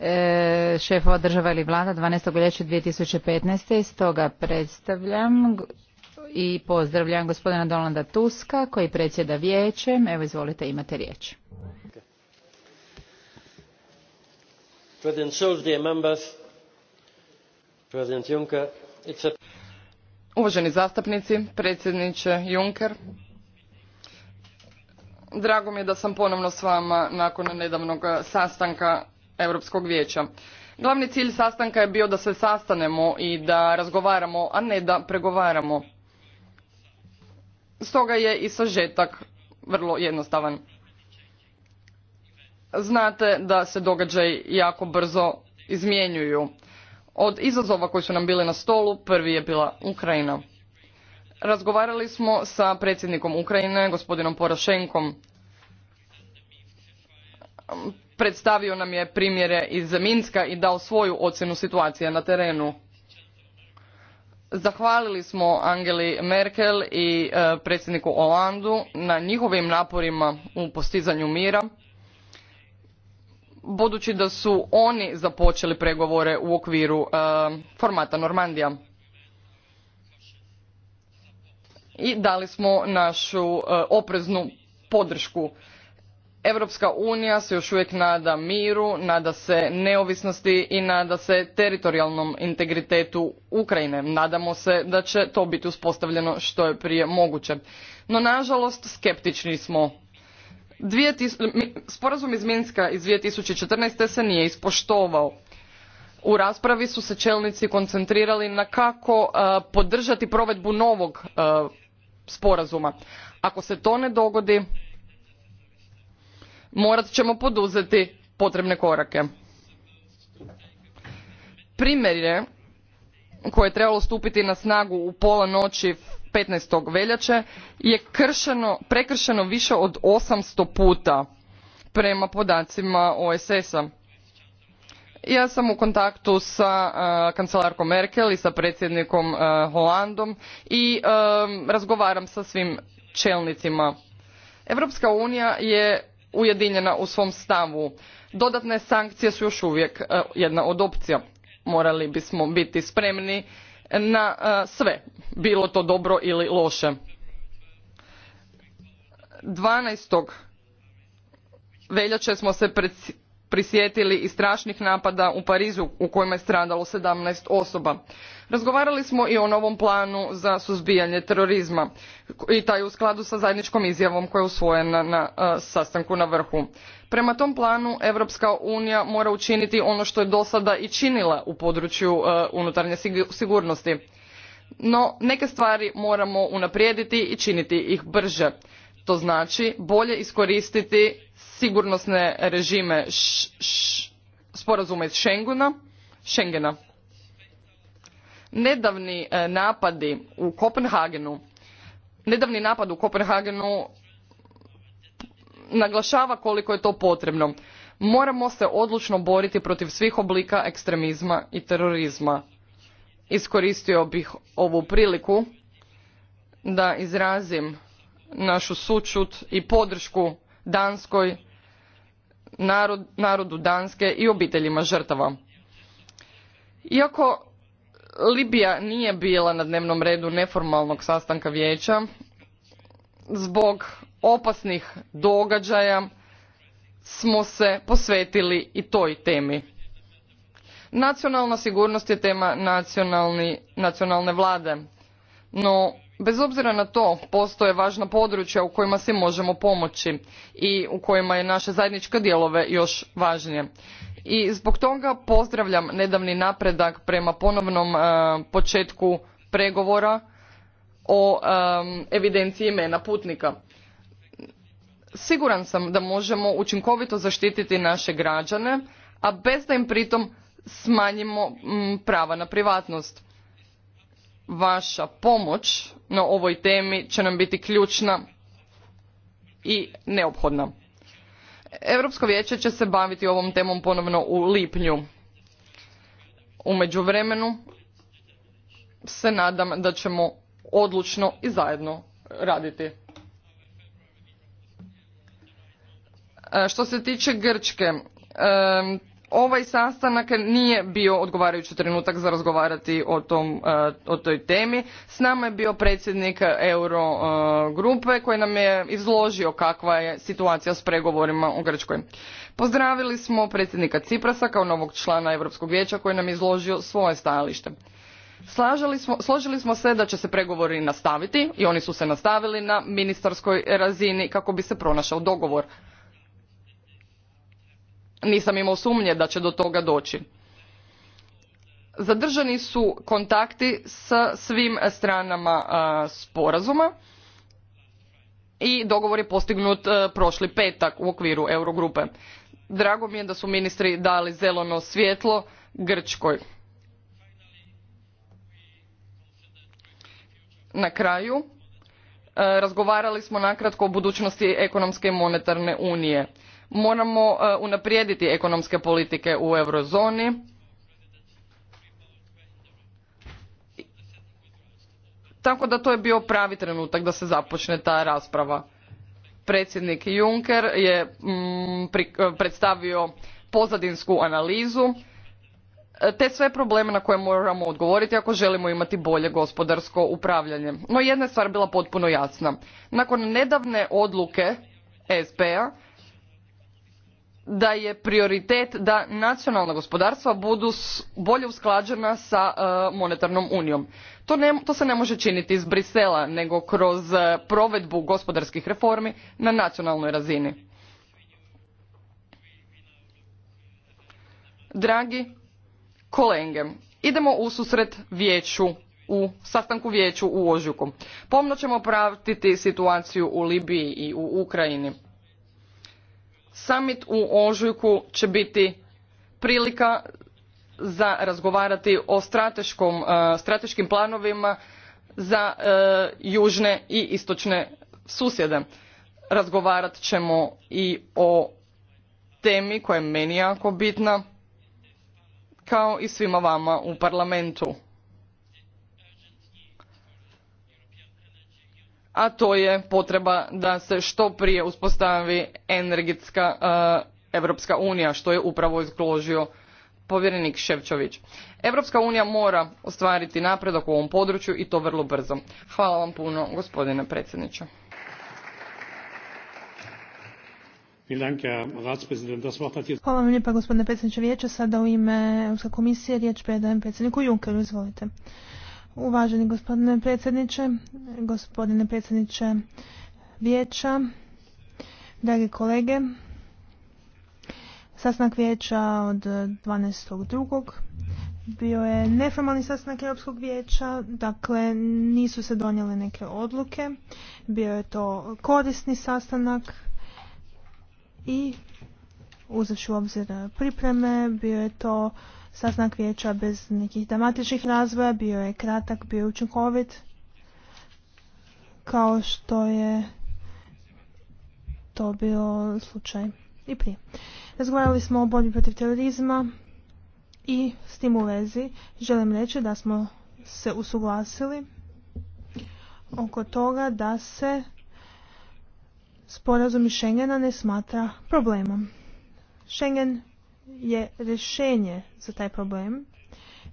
E, šefova država ili vlada 12. veljače 2015. Iz stoga predstavljam i pozdravljam gospodina Donalda Tuska koji predsjeda vijećem. Evo izvolite imate riječ. Uvaženi zastupnici, predsjedniče Juncker, drago mi je da sam ponovno s vama nakon nedavnog sastanka Europskog vijeća. Glavni cilj sastanka je bio da se sastanemo i da razgovaramo, a ne da pregovaramo. Stoga je i sažetak vrlo jednostavan. Znate da se događaj jako brzo izmjenjuju. Od izazova koji su nam bili na stolu, prvi je bila Ukrajina. Razgovarali smo sa predsjednikom Ukrajine, gospodinom Porošenkom predstavio nam je primjere iz Minska i dao svoju ocjenu situacije na terenu. Zahvalili smo Angeli Merkel i e, predsjedniku Olandu na njihovim naporima u postizanju mira, budući da su oni započeli pregovore u okviru e, formata Normandija. I dali smo našu e, opreznu podršku Europska unija se još uvijek nada miru, nada se neovisnosti i nada se teritorijalnom integritetu Ukrajine. Nadamo se da će to biti uspostavljeno što je prije moguće. No, nažalost, skeptični smo. Sporazum iz Minska iz 2014. se nije ispoštovao. U raspravi su se čelnici koncentrirali na kako e, podržati provedbu novog e, sporazuma. Ako se to ne dogodi, morat ćemo poduzeti potrebne korake. Primjer koje je trebalo stupiti na snagu u pola noći 15. veljače je kršeno, prekršeno više od 800 puta prema podacima OSS-a. Ja sam u kontaktu sa e, kancelarkom Merkel i sa predsjednikom e, Holandom i e, razgovaram sa svim čelnicima. Europska unija je ujedinjena u svom stavu. Dodatne sankcije su još uvijek e, jedna od opcija. Morali bismo biti spremni na e, sve, bilo to dobro ili loše. 12. veljače smo se prisjetili i strašnih napada u parizu u kojima je stradalo sedamnaest osoba razgovarali smo i o novom planu za suzbijanje terorizma i taj u skladu sa zajedničkom izjavom koja je usvojena na e, sastanku na vrhu prema tom planu europska unija mora učiniti ono što je do sada i činila u području e, unutarnje sigurnosti no neke stvari moramo unaprijediti i činiti ih brže to znači bolje iskoristiti sigurnosne režime sporazume sporazuma iz Schengena, Schengena. Nedavni e, napadi u Kopenhagenu, nedavni napad u Kopenhagenu naglašava koliko je to potrebno. Moramo se odlučno boriti protiv svih oblika ekstremizma i terorizma. Iskoristio bih ovu priliku da izrazim našu sućut i podršku danskoj narodu danske i obiteljima žrtava iako libija nije bila na dnevnom redu neformalnog sastanka vijeća zbog opasnih događaja smo se posvetili i toj temi nacionalna sigurnost je tema nacionalne vlade no Bez obzira na to, postoje važna područja u kojima svi možemo pomoći i u kojima je naše zajedničko dijelove još važnije. I zbog toga pozdravljam nedavni napredak prema ponovnom e, početku pregovora o e, evidenciji imena putnika. Siguran sam da možemo učinkovito zaštititi naše građane, a bez da im pritom smanjimo prava na privatnost vaša pomoć na ovoj temi će nam biti ključna i neophodna. Europsko vijeće će se baviti ovom temom ponovno u lipnju. U međuvremenu se nadam da ćemo odlučno i zajedno raditi. E, što se tiče Grčke, e, ovaj sastanak nije bio odgovarajući trenutak za razgovarati o, tom, e, o toj temi. S nama je bio predsjednik Eurogrupe e, koji nam je izložio kakva je situacija s pregovorima u Grčkoj. Pozdravili smo predsjednika Ciprasa kao novog člana Europskog vijeća koji nam je izložio svoje stajalište. složili smo se da će se pregovori nastaviti i oni su se nastavili na ministarskoj razini kako bi se pronašao dogovor nisam imao sumnje da će do toga doći. Zadržani su kontakti sa svim stranama sporazuma i dogovor je postignut prošli petak u okviru Eurogrupe. Drago mi je da su ministri dali zeleno svjetlo Grčkoj. Na kraju, razgovarali smo nakratko o budućnosti ekonomske i monetarne unije moramo e, unaprijediti ekonomske politike u eurozoni tako da to je bio pravi trenutak da se započne ta rasprava predsjednik juncker je mm, e, predstavio pozadinsku analizu e, te sve probleme na koje moramo odgovoriti ako želimo imati bolje gospodarsko upravljanje no jedna je stvar bila potpuno jasna nakon nedavne odluke sp a da je prioritet da nacionalna gospodarstva budu bolje usklađena sa e, monetarnom unijom. To, se ne može činiti iz Brisela, nego kroz e, provedbu gospodarskih reformi na nacionalnoj razini. Dragi kolege, idemo u susret vijeću u sastanku vijeću u ožujku. Pomno ćemo pratiti situaciju u Libiji i u Ukrajini Summit u ožujku će biti prilika za razgovarati o e, strateškim planovima za e, južne i istočne susjede. Razgovarat ćemo i o temi koja je meni jako bitna, kao i svima vama u parlamentu. a to je potreba da se što prije uspostavi energetska europska eh, unija što je upravo izložio povjerenik Ševčović. Europska unija mora ostvariti napredak u ovom području i to vrlo brzo. Hvala vam puno gospodine predsjedniče. Hvala vam lijepa gospodine predsjedniče vijeća. Sada u ime Europske komisije riječ predajem predsjedniku Junckeru. Izvolite. Uvaženi gospodine predsjedniče, gospodine predsjedniče vijeća, dragi kolege, sastanak vijeća od 12.2. bio je neformalni sastanak Europskog vijeća, dakle nisu se donijele neke odluke, bio je to korisni sastanak i uzevši u obzir pripreme, bio je to Sastanak vijeća bez nekih dramatičnih razvoja bio je kratak, bio je učinkovit, kao što je to bio slučaj i prije. Razgovarali smo o borbi protiv terorizma i s tim u vezi želim reći da smo se usuglasili oko toga da se sporazum Schengena ne smatra problemom. Schengen je rješenje za taj problem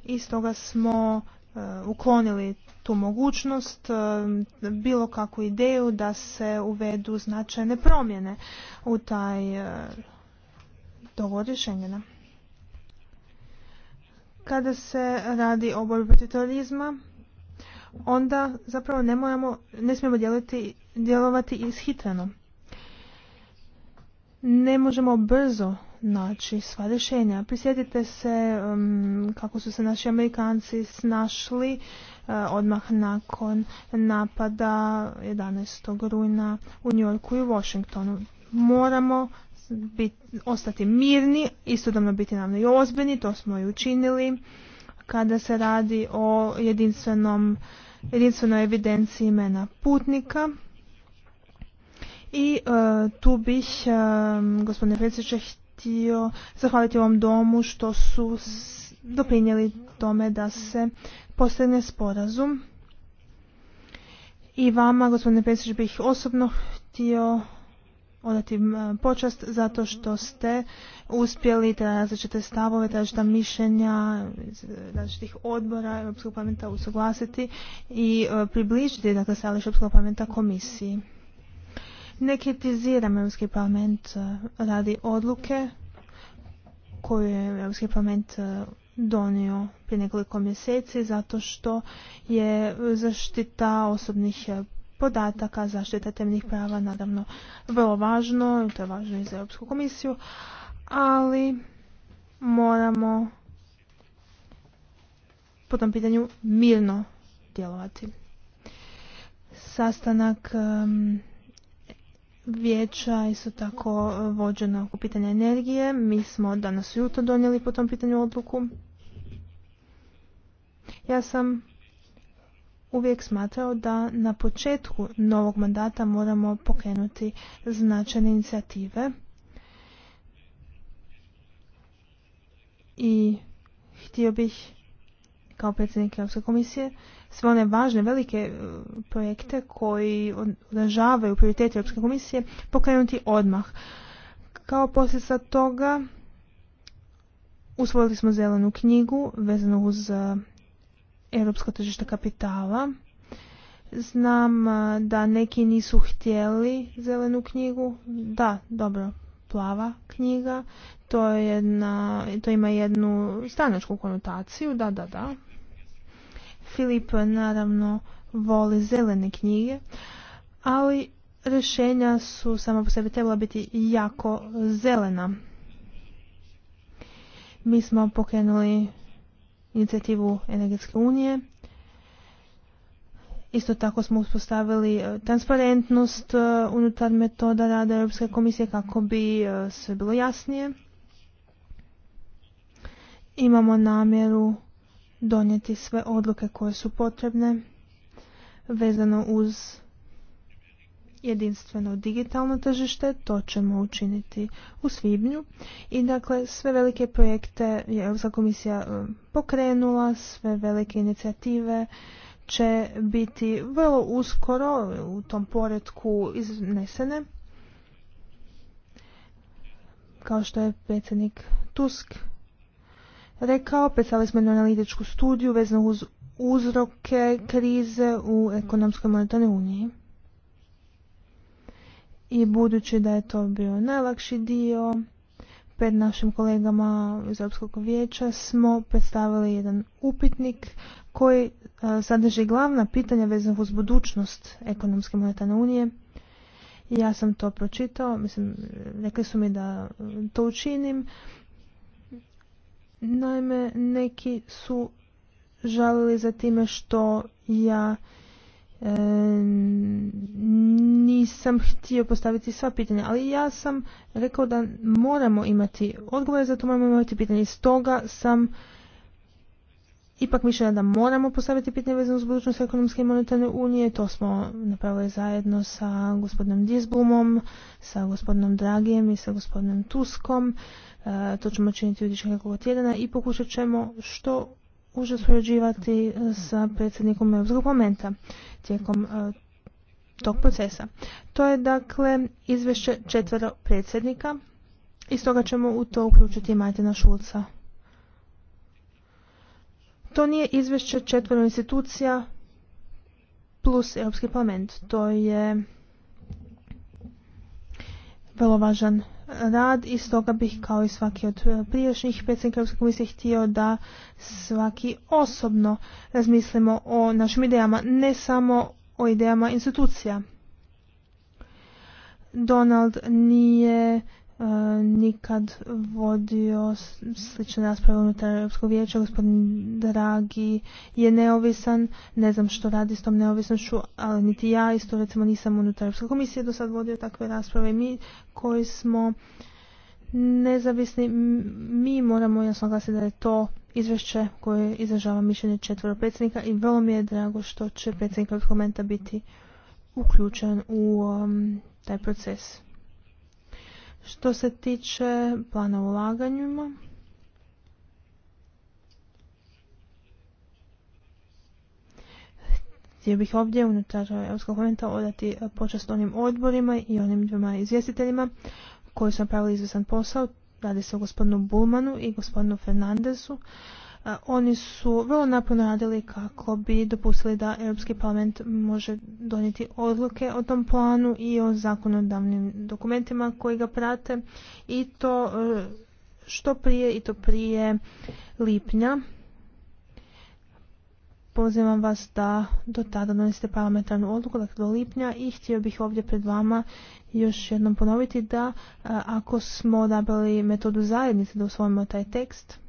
i stoga smo e, uklonili tu mogućnost, e, bilo kakvu ideju da se uvedu značajne promjene u taj to e, rješenjena. Kada se radi o borbi protiv terorizma, onda zapravo ne, moramo, ne smijemo djelovati ishitreno ne možemo brzo naći sva rješenja. Prisjetite se um, kako su se naši Amerikanci snašli uh, odmah nakon napada 11. rujna u Njorku i Washingtonu. Moramo bit, ostati mirni, istodobno biti nam i ozbiljni, to smo i učinili kada se radi o jedinstvenom jedinstvenoj evidenciji imena putnika i e, tu bih, e, gospodine predsjedniče, htio zahvaliti ovom domu što su doprinijeli tome da se postigne sporazum. I vama, gospodine predsjedniče, bih osobno htio odati e, počast zato što ste uspjeli te različite stavove, različita mišljenja različitih odbora Europskog parlamenta usuglasiti i približiti dakle, ališ Europskog parlamenta komisiji. Ne kritiziram Europski parlament eh, radi odluke koju je Europski parlament eh, donio prije nekoliko mjeseci zato što je zaštita osobnih eh, podataka, zaštita temnih prava naravno vrlo važno, i to je važno i za Europsku komisiju, ali moramo po tom pitanju mirno djelovati. Sastanak vijeća isto tako e, vođena oko pitanja energije. Mi smo danas jutro donijeli po tom pitanju odluku. Ja sam uvijek smatrao da na početku novog mandata moramo pokrenuti značajne inicijative i htio bih kao predsjednik Europske komisije sve one važne velike e, projekte koji održavaju prioritete Europske komisije pokrenuti odmah. Kao posljedica toga usvojili smo zelenu knjigu vezanu uz e, europsko tržište kapitala. Znam e, da neki nisu htjeli zelenu knjigu. Da, dobro, plava knjiga. To, je jedna, to ima jednu stranačku konotaciju. Da, da, da, Filip naravno voli zelene knjige, ali rješenja su samo po sebi trebala biti jako zelena. Mi smo pokrenuli inicijativu Energetske unije. Isto tako smo uspostavili e, transparentnost e, unutar metoda rada Europske komisije kako bi e, sve bilo jasnije. Imamo namjeru donijeti sve odluke koje su potrebne vezano uz jedinstveno digitalno tržište, to ćemo učiniti u svibnju. I dakle, sve velike projekte je Europska komisija e, pokrenula, sve velike inicijative će biti vrlo uskoro u tom poredku iznesene. Kao što je predsjednik Tusk rekao, predstavili smo jednu analitičku studiju vezano uz uzroke krize u ekonomskoj monetarnoj uniji. I budući da je to bio najlakši dio, pred našim kolegama iz Europskog vijeća smo predstavili jedan upitnik koji e, sadrži glavna pitanja vezana uz budućnost ekonomske monetarne unije. Ja sam to pročitao, mislim, rekli su mi da to učinim. Naime, neki su žalili za time što ja e, nisam htio postaviti sva pitanja, ali ja sam rekao da moramo imati odgovore, zato moramo imati pitanje. Stoga sam ipak mišljena da moramo postaviti pitanje vezano uz budućnost ekonomske i monetarne unije. To smo napravili zajedno sa gospodinom Dizbumom, sa gospodinom Dragijem i sa gospodinom Tuskom. E, to ćemo činiti u idućih nekoliko tjedana i pokušat ćemo što uže surađivati sa predsjednikom Europskog parlamenta tijekom e, tog procesa. To je dakle izvješće četvero predsjednika i stoga ćemo u to uključiti Martina Šulca. To nije izvješće četvero institucija plus Europski parlament. To je vrlo važan rad i stoga bih kao i svaki od prijašnjih predsjednika Europske komisije htio da svaki osobno razmislimo o našim idejama, ne samo o idejama institucija. Donald nije E, nikad vodio slične rasprave unutar Europskog vijeća. Gospodin Dragi je neovisan, ne znam što radi s tom neovisnošću, ali niti ja isto recimo nisam unutar Europske komisije do sad vodio takve rasprave. Mi koji smo nezavisni, mi moramo jasno glasiti da je to izvješće koje izražava mišljenje četvora predsjednika i vrlo mi je drago što će predsjednik komenta biti uključen u um, taj proces. Što se tiče plana ulaganjima, Htio bih ovdje unutar Europskog komenta odati počast onim odborima i onim dvima izvjestiteljima koji su napravili izvrsan posao. Radi se o gospodinu Bulmanu i gospodinu Fernandesu. Oni su vrlo napuno radili kako bi dopustili da Europski parlament može donijeti odluke o tom planu i o zakonodavnim dokumentima koji ga prate i to e, što prije i to prije lipnja. Pozivam vas da do tada donesete parlamentarnu odluku, dakle do lipnja i htio bih ovdje pred vama još jednom ponoviti da e, ako smo odabrali metodu zajednice da usvojimo taj tekst,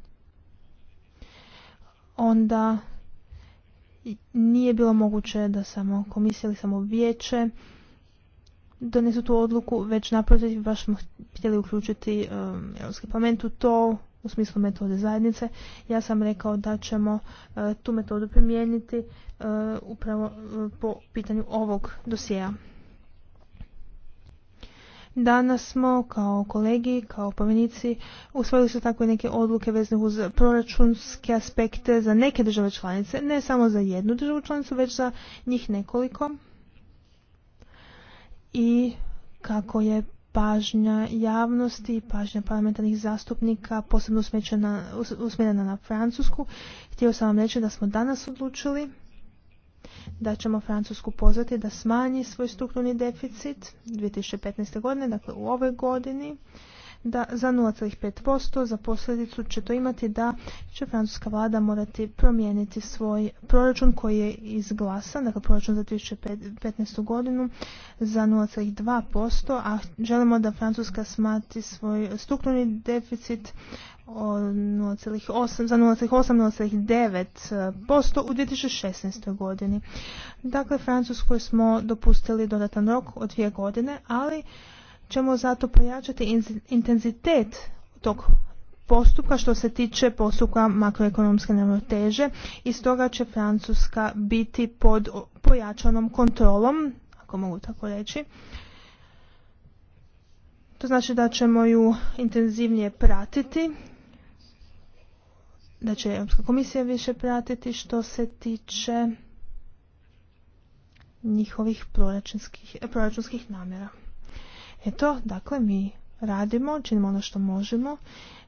onda nije bilo moguće da samo komisija ili samo vijeće donesu tu odluku, već naprotiv baš smo htjeli uključiti um, Europski parlament u to u smislu metode zajednice. Ja sam rekao da ćemo uh, tu metodu primijeniti uh, upravo uh, po pitanju ovog dosjea. Danas smo kao kolegi, kao povenici usvojili su tako i neke odluke vezne uz proračunske aspekte za neke države članice, ne samo za jednu državu članicu, već za njih nekoliko. I kako je pažnja javnosti i pažnja parlamentarnih zastupnika posebno usmjerena na Francusku, htio sam vam reći da smo danas odlučili da ćemo Francusku pozvati da smanji svoj strukturni deficit 2015. godine, dakle u ovoj godini, da za 0,5% za posljedicu će to imati da će francuska vlada morati promijeniti svoj proračun koji je izglasan, dakle proračun za 2015. godinu za 0,2%, a želimo da Francuska smati svoj strukturni deficit 0,8 za 0,8 0,9% u 2016. godini. Dakle, Francuskoj smo dopustili dodatan rok od dvije godine, ali ćemo zato pojačati intenzitet tog postupka što se tiče postupka makroekonomske neravnoteže i stoga će Francuska biti pod pojačanom kontrolom, ako mogu tako reći. To znači da ćemo ju intenzivnije pratiti da će Europska komisija više pratiti što se tiče njihovih proračunskih, eh, proračunskih namjera. Eto, dakle, mi radimo, činimo ono što možemo,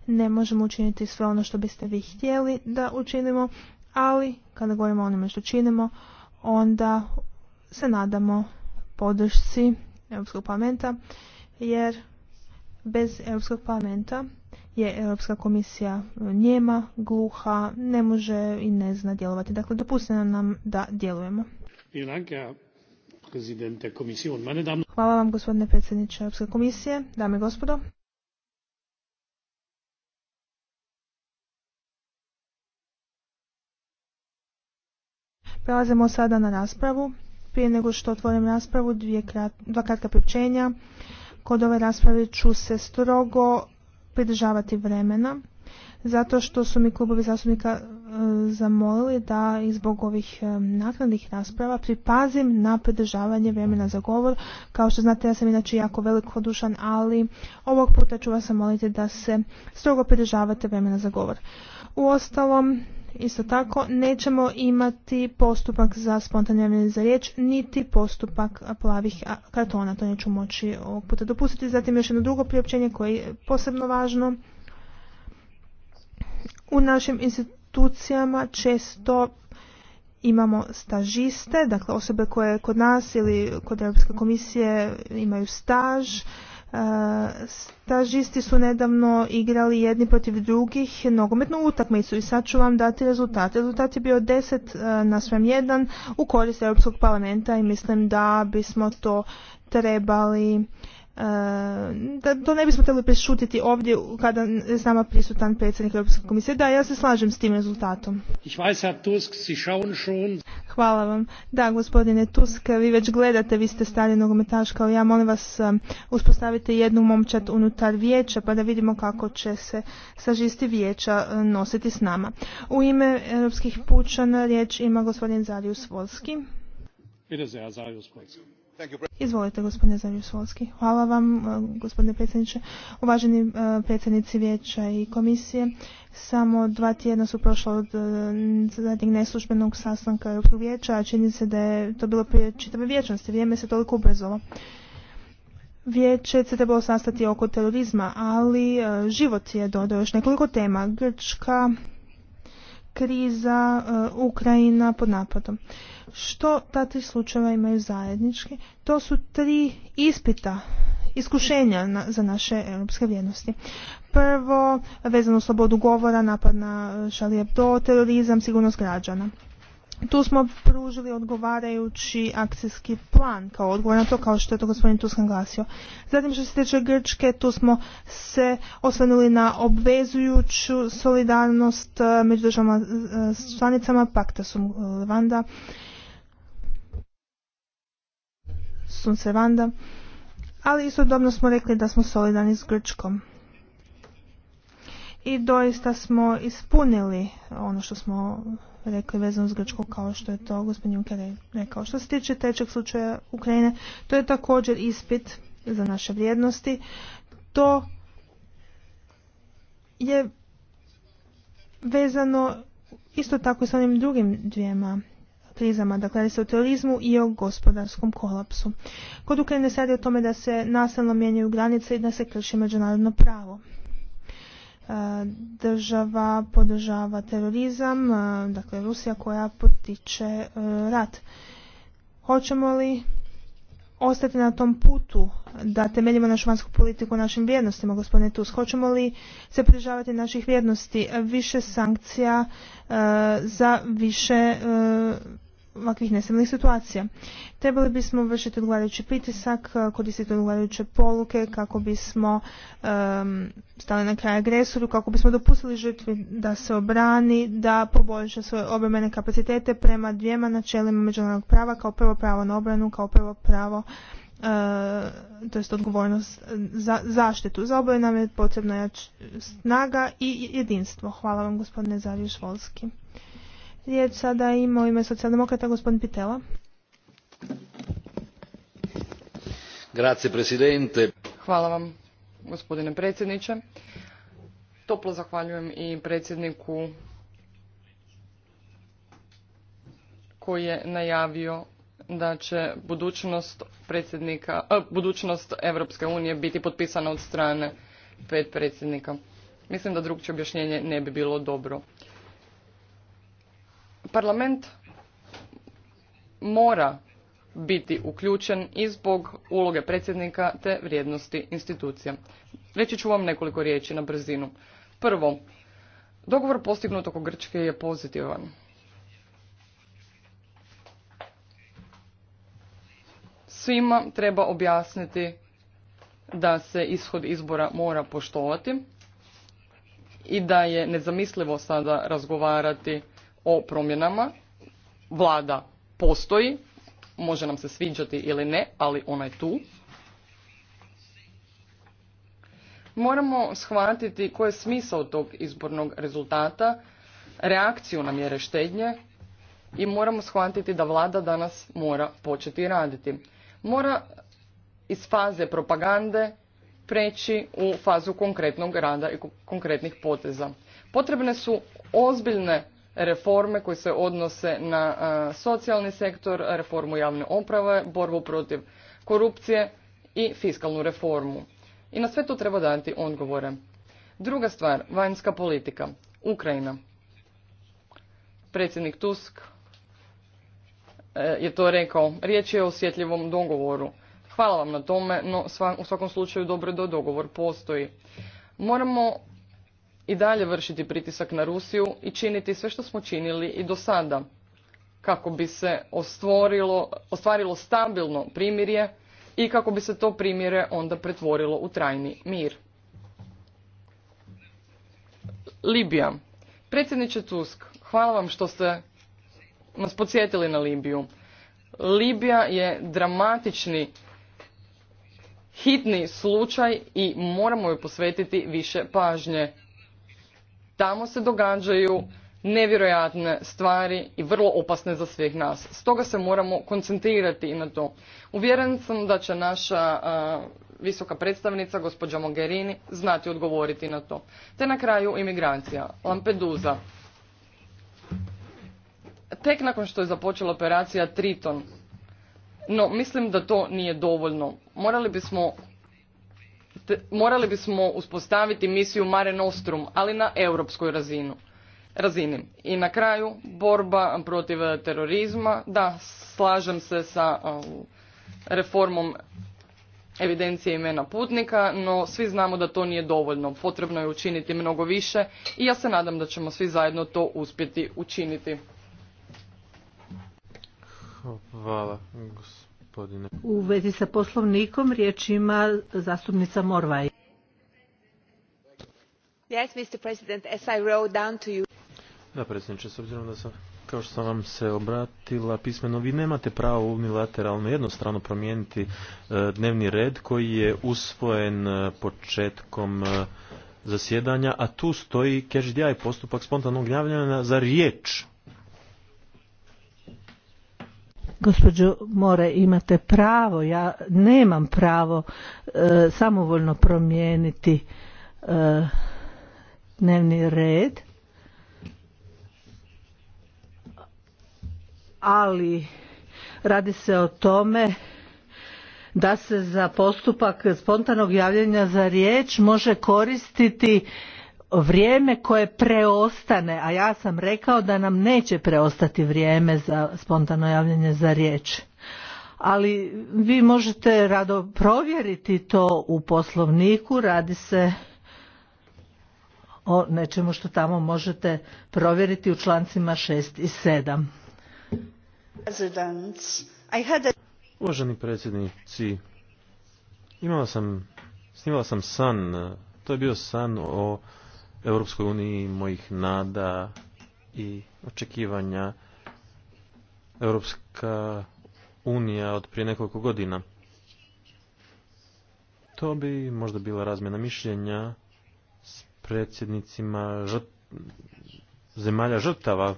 ne možemo učiniti sve ono što biste vi htjeli da učinimo, ali kada govorimo o onome što činimo, onda se nadamo podršci Europskog parlamenta, jer bez Europskog parlamenta je Europska komisija njema, gluha, ne može i ne zna djelovati. Dakle, dopustite nam da djelujemo. Hvala vam gospodine predsjedniče Europske komisije, dame i gospodo. Prelazimo sada na raspravu. Prije nego što otvorim raspravu, dva kratka pripćenja. Kod ove rasprave ću se strogo pridržavati vremena zato što su mi klubovi zastupnika e, zamolili da i zbog ovih e, naknadnih rasprava pripazim na pridržavanje vremena za govor. Kao što znate, ja sam inače jako velikodušan, ali ovog puta ću vas zamoliti da se strogo pridržavate vremena za govor. U ostalom, Isto tako, nećemo imati postupak za javljanje za riječ, niti postupak plavih kartona. To neću moći ovog puta dopustiti. Zatim još jedno drugo priopćenje koje je posebno važno. U našim institucijama često imamo stažiste, dakle osobe koje kod nas ili kod Europske komisije imaju staž, E, stažisti su nedavno igrali jedni protiv drugih nogometnu utakmicu i sad ću vam dati rezultat. Rezultat je bio 10 e, na svem 1 u korist Europskog parlamenta i mislim da bismo to trebali E, da to ne bismo trebali prešutiti ovdje kada je s nama prisutan predsjednik Europske komisije. Da, ja se slažem s tim rezultatom. Hvala vam. Da, gospodine Tusk, vi već gledate, vi ste stari nogometaš kao ja. Molim vas, e, uspostavite jednu momčad unutar vijeća pa da vidimo kako će se sažisti vijeća e, nositi s nama. U ime europskih pučana riječ ima gospodin Zarius Volski. Zarius Volski. Izvolite, gospodine Zavjusvolski. Hvala vam, e, gospodine predsjedniče. Uvaženi e, predsjednici vijeća i komisije, samo dva tjedna su prošla od e, zadnjeg neslužbenog sastanka Europskog vijeća, a čini se da je to bilo prije čitave vječnosti. Vrijeme se toliko ubrzalo. Vijeće se trebalo sastati oko terorizma, ali život je dodao još nekoliko tema. Grčka, kriza, Ukrajina pod napadom što ta tri slučajeva imaju zajednički. To su tri ispita, iskušenja za naše europske vrijednosti. Prvo, vezano slobodu govora, napad na Šaljebdo, eh, terorizam, sigurnost građana. Tu smo pružili odgovarajući akcijski plan kao odgovor na to kao što je to gospodin Tuskan glasio. Zatim što se tiče Grčke, tu smo se osvrnuli na obvezujuću solidarnost eh, među državama eh, članicama Pakta su Levanda. vanda, ali istodobno smo rekli da smo solidarni s Grčkom. I doista smo ispunili ono što smo rekli vezano s Grčkom, kao što je to gospodin Juncker rekao. Što se tiče trećeg slučaja Ukrajine, to je također ispit za naše vrijednosti. To je vezano isto tako i s onim drugim dvijema krizama, dakle radi se o terorizmu i o gospodarskom kolapsu. Kod Ukrajine se radi o tome da se nasilno mijenjaju granice i da se krši međunarodno pravo. E, država podržava terorizam, e, dakle Rusija koja potiče e, rat. Hoćemo li ostati na tom putu da temeljimo našu vanjsku politiku našim vrijednostima, gospodine Tusk? Hoćemo li se prižavati naših vrijednosti više sankcija za više ovakvih nesemnih situacija. Trebali bismo vršiti odgovarajući pritisak, e, koristiti odgovarajuće poluke kako bismo stali na kraj agresoru, kako bismo dopustili žrtvi da se obrani, da poboljša svoje obrambene kapacitete prema dvijema načelima međunarodnog prava, kao prvo pravo na obranu, kao prvo pravo e, to jest odgovornost za zaštitu. Za oboje nam je potrebna snaga i jedinstvo. Hvala vam gospodine zariš Volski. Riječ sada ima u ime socijaldemokrata gospodin Pitela. Grazie, presidente. Hvala vam, gospodine predsjedniče. Toplo zahvaljujem i predsjedniku koji je najavio da će budućnost predsjednika, eh, budućnost Europske unije biti potpisana od strane pet predsjednika. Mislim da drugčije objašnjenje ne bi bilo dobro. Parlament mora biti uključen i zbog uloge predsjednika te vrijednosti institucija. Reći ću vam nekoliko riječi na brzinu. Prvo, dogovor postignut oko Grčke je pozitivan. Svima treba objasniti da se ishod izbora mora poštovati i da je nezamislivo sada razgovarati o promjenama. Vlada postoji, može nam se sviđati ili ne, ali ona je tu. Moramo shvatiti koji je smisao tog izbornog rezultata, reakciju na mjere štednje i moramo shvatiti da vlada danas mora početi raditi. Mora iz faze propagande preći u fazu konkretnog rada i konkretnih poteza. Potrebne su ozbiljne reforme koje se odnose na socijalni sektor, reformu javne uprave, borbu protiv korupcije i fiskalnu reformu. I na sve to treba dati odgovore. Druga stvar, vanjska politika. Ukrajina. Predsjednik Tusk e, je to rekao. Riječ je o osjetljivom dogovoru. Hvala vam na tome, no u svakom slučaju dobro je da dogovor postoji. Moramo i dalje vršiti pritisak na Rusiju i činiti sve što smo činili i do sada kako bi se ostvarilo stabilno primirje i kako bi se to primjere onda pretvorilo u trajni mir. Libija. Predsjedniče Tusk, hvala vam što ste nas podsjetili na Libiju. Libija je dramatični, hitni slučaj i moramo joj posvetiti više pažnje. Tamo se događaju nevjerojatne stvari i vrlo opasne za svih nas. Stoga se moramo koncentrirati i na to. Uvjeren sam da će naša visoka predstavnica, gospođa Mogherini, znati odgovoriti na to. Te na kraju imigracija, Lampedusa. Tek nakon što je započela operacija Triton, no mislim da to nije dovoljno. Morali bismo morali bismo uspostaviti misiju Mare Nostrum, ali na europskoj razinu. Razini. I na kraju, borba protiv terorizma. Da, slažem se sa reformom evidencije imena putnika, no svi znamo da to nije dovoljno. Potrebno je učiniti mnogo više i ja se nadam da ćemo svi zajedno to uspjeti učiniti. Hvala, u vezi sa poslovnikom riječ ima zastupnica Morvaj. Da, predsjedniče, s obzirom da sam, kao što sam vam se obratila pismeno, vi nemate pravo unilateralno jednostrano promijeniti e, dnevni red koji je usvojen e, početkom e, zasjedanja, a tu stoji cash postupak spontanog javljanja za riječ Gospođo More, imate pravo, ja nemam pravo e, samovoljno promijeniti e, dnevni red. Ali radi se o tome da se za postupak spontanog javljanja za riječ može koristiti vrijeme koje preostane, a ja sam rekao da nam neće preostati vrijeme za spontano javljanje za riječ. Ali vi možete rado provjeriti to u poslovniku, radi se o nečemu što tamo možete provjeriti u člancima 6 i 7. Uvaženi predsjednici, imao sam, snimala sam san, to je bio san o Europskoj uniji, mojih nada i očekivanja Europska unija od prije nekoliko godina. To bi možda bila razmjena mišljenja s predsjednicima zemalja žrtava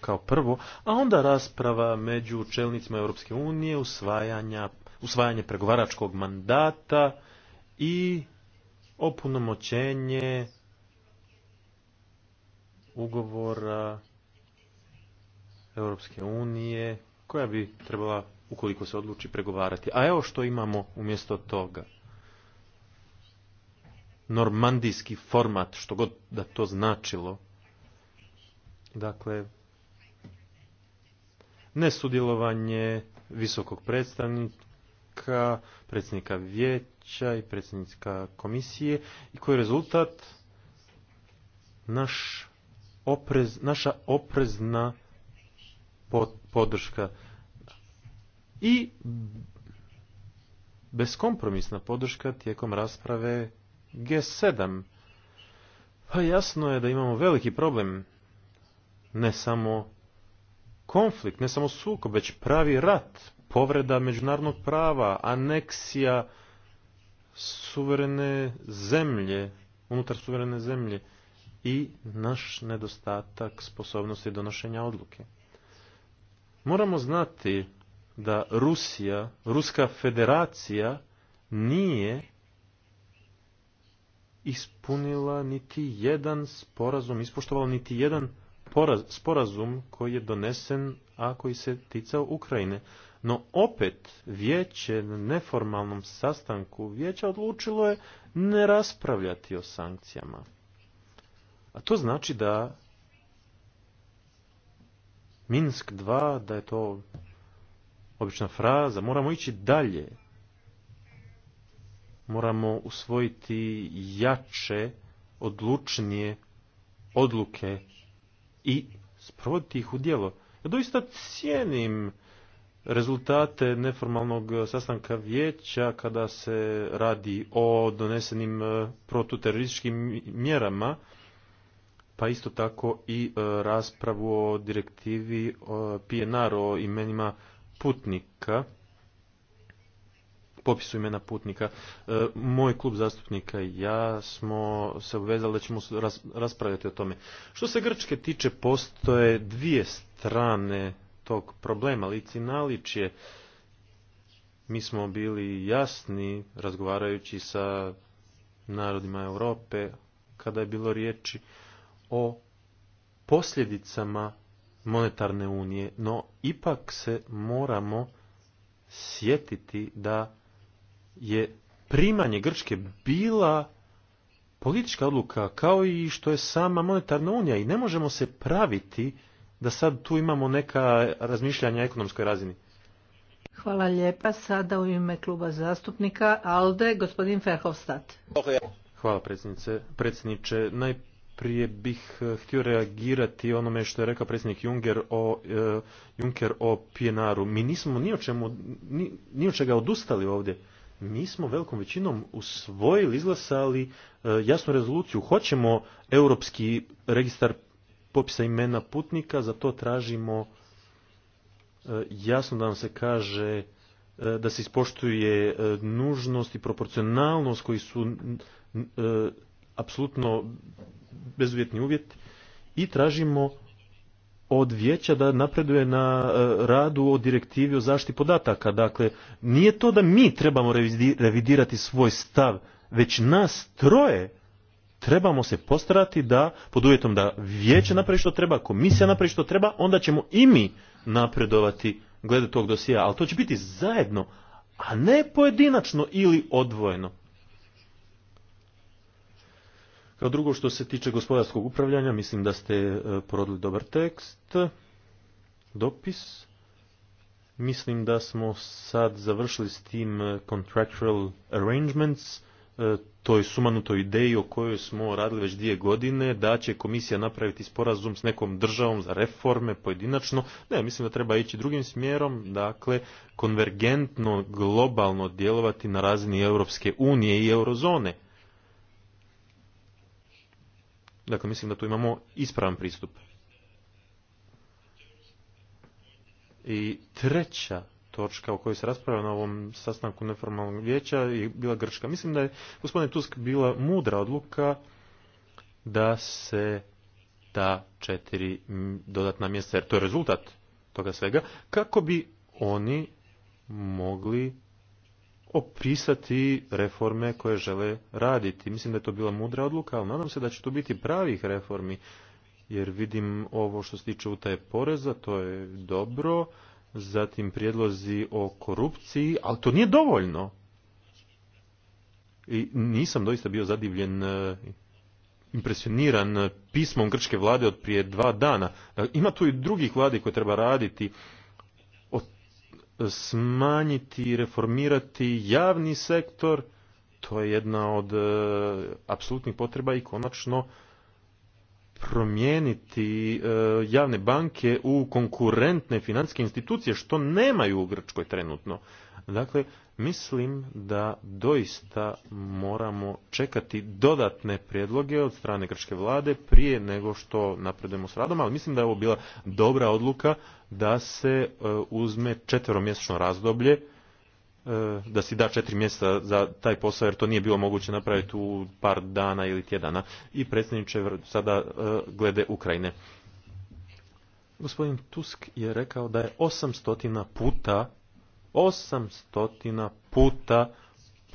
kao prvo, a onda rasprava među čelnicima Europske unije, usvajanja, usvajanje pregovaračkog mandata i opunomoćenje ugovora Europske unije koja bi trebala, ukoliko se odluči, pregovarati. A evo što imamo umjesto toga. Normandijski format, što god da to značilo. Dakle, nesudjelovanje visokog predstavnika, predsjednika vijeća i predsjednika komisije i koji je rezultat naš oprez, naša oprezna podrška i beskompromisna podrška tijekom rasprave G7. Pa jasno je da imamo veliki problem, ne samo konflikt, ne samo sukob, već pravi rat, povreda međunarodnog prava, aneksija suverene zemlje, unutar suverene zemlje i naš nedostatak sposobnosti donošenja odluke. Moramo znati da Rusija, Ruska federacija nije ispunila niti jedan sporazum, ispoštovala niti jedan sporazum koji je donesen, a koji se ticao Ukrajine. No opet vijeće na neformalnom sastanku vijeća odlučilo je ne raspravljati o sankcijama. A to znači da Minsk 2, da je to obična fraza, moramo ići dalje. Moramo usvojiti jače, odlučnije odluke i sprovoditi ih u djelo. Ja doista cijenim rezultate neformalnog sastanka vijeća kada se radi o donesenim protuterorističkim mjerama pa isto tako i e, raspravu o direktivi e, PNR o imenima putnika popisu imena putnika. E, moj klub zastupnika i ja smo se obvezali da ćemo raspravljati o tome. Što se Grčke tiče, postoje dvije strane tog problema. Lici naličje, mi smo bili jasni razgovarajući sa narodima Europe kada je bilo riječi o posljedicama monetarne unije, no ipak se moramo sjetiti da je primanje Grčke bila politička odluka kao i što je sama monetarna unija i ne možemo se praviti da sad tu imamo neka razmišljanja ekonomskoj razini. Hvala lijepa. Sada u ime kluba zastupnika ALDE, gospodin Ferhofstadt. Hvala predsjednice. predsjedniče. Najprije prije bih eh, htio reagirati onome što je rekao predsjednik eh, Juncker o, Juncker o PNR-u. Mi nismo ni o, čemu, ni, ni čega odustali ovdje. Mi smo velikom većinom usvojili, izglasali eh, jasnu rezoluciju. Hoćemo europski registar popisa imena putnika, za to tražimo jasno da nam se kaže da se ispoštuje nužnost i proporcionalnost koji su apsolutno bezuvjetni uvjet i tražimo od vijeća da napreduje na e, radu o direktivi o zaštiti podataka. Dakle, nije to da mi trebamo revidirati svoj stav, već nas troje trebamo se postarati da, pod uvjetom da vijeće napravi što treba, komisija napravi što treba, onda ćemo i mi napredovati glede tog dosija, ali to će biti zajedno, a ne pojedinačno ili odvojeno. Kao drugo što se tiče gospodarskog upravljanja, mislim da ste e, porodili dobar tekst, dopis. Mislim da smo sad završili s tim e, contractual arrangements, e, to je sumanuto ideji o kojoj smo radili već dvije godine, da će komisija napraviti sporazum s nekom državom za reforme pojedinačno. Ne, mislim da treba ići drugim smjerom, dakle, konvergentno, globalno djelovati na razini Europske unije i eurozone. Dakle, mislim da tu imamo ispravan pristup. I treća točka o kojoj se raspravlja na ovom sastanku neformalnog vijeća je bila Grčka. Mislim da je gospodin Tusk bila mudra odluka da se ta četiri dodatna mjesta, jer to je rezultat toga svega, kako bi oni mogli opisati reforme koje žele raditi. Mislim da je to bila mudra odluka, ali nadam se da će to biti pravih reformi, jer vidim ovo što se tiče utaje poreza, to je dobro, zatim prijedlozi o korupciji, ali to nije dovoljno. I nisam doista bio zadivljen, e, impresioniran pismom grčke vlade od prije dva dana. E, ima tu i drugih vladi koje treba raditi smanjiti i reformirati javni sektor, to je jedna od e, apsolutnih potreba i konačno promijeniti e, javne banke u konkurentne financijske institucije, što nemaju u Grčkoj trenutno. Dakle, mislim da doista moramo čekati dodatne prijedloge od strane grčke vlade prije nego što napredujemo s radom, ali mislim da je ovo bila dobra odluka da se e, uzme četveromjesečno razdoblje e, da si da četiri mjeseca za taj posao jer to nije bilo moguće napraviti u par dana ili tjedana. I predsjedniče sada e, glede Ukrajine. Gospodin Tusk je rekao da je 800 puta 800 puta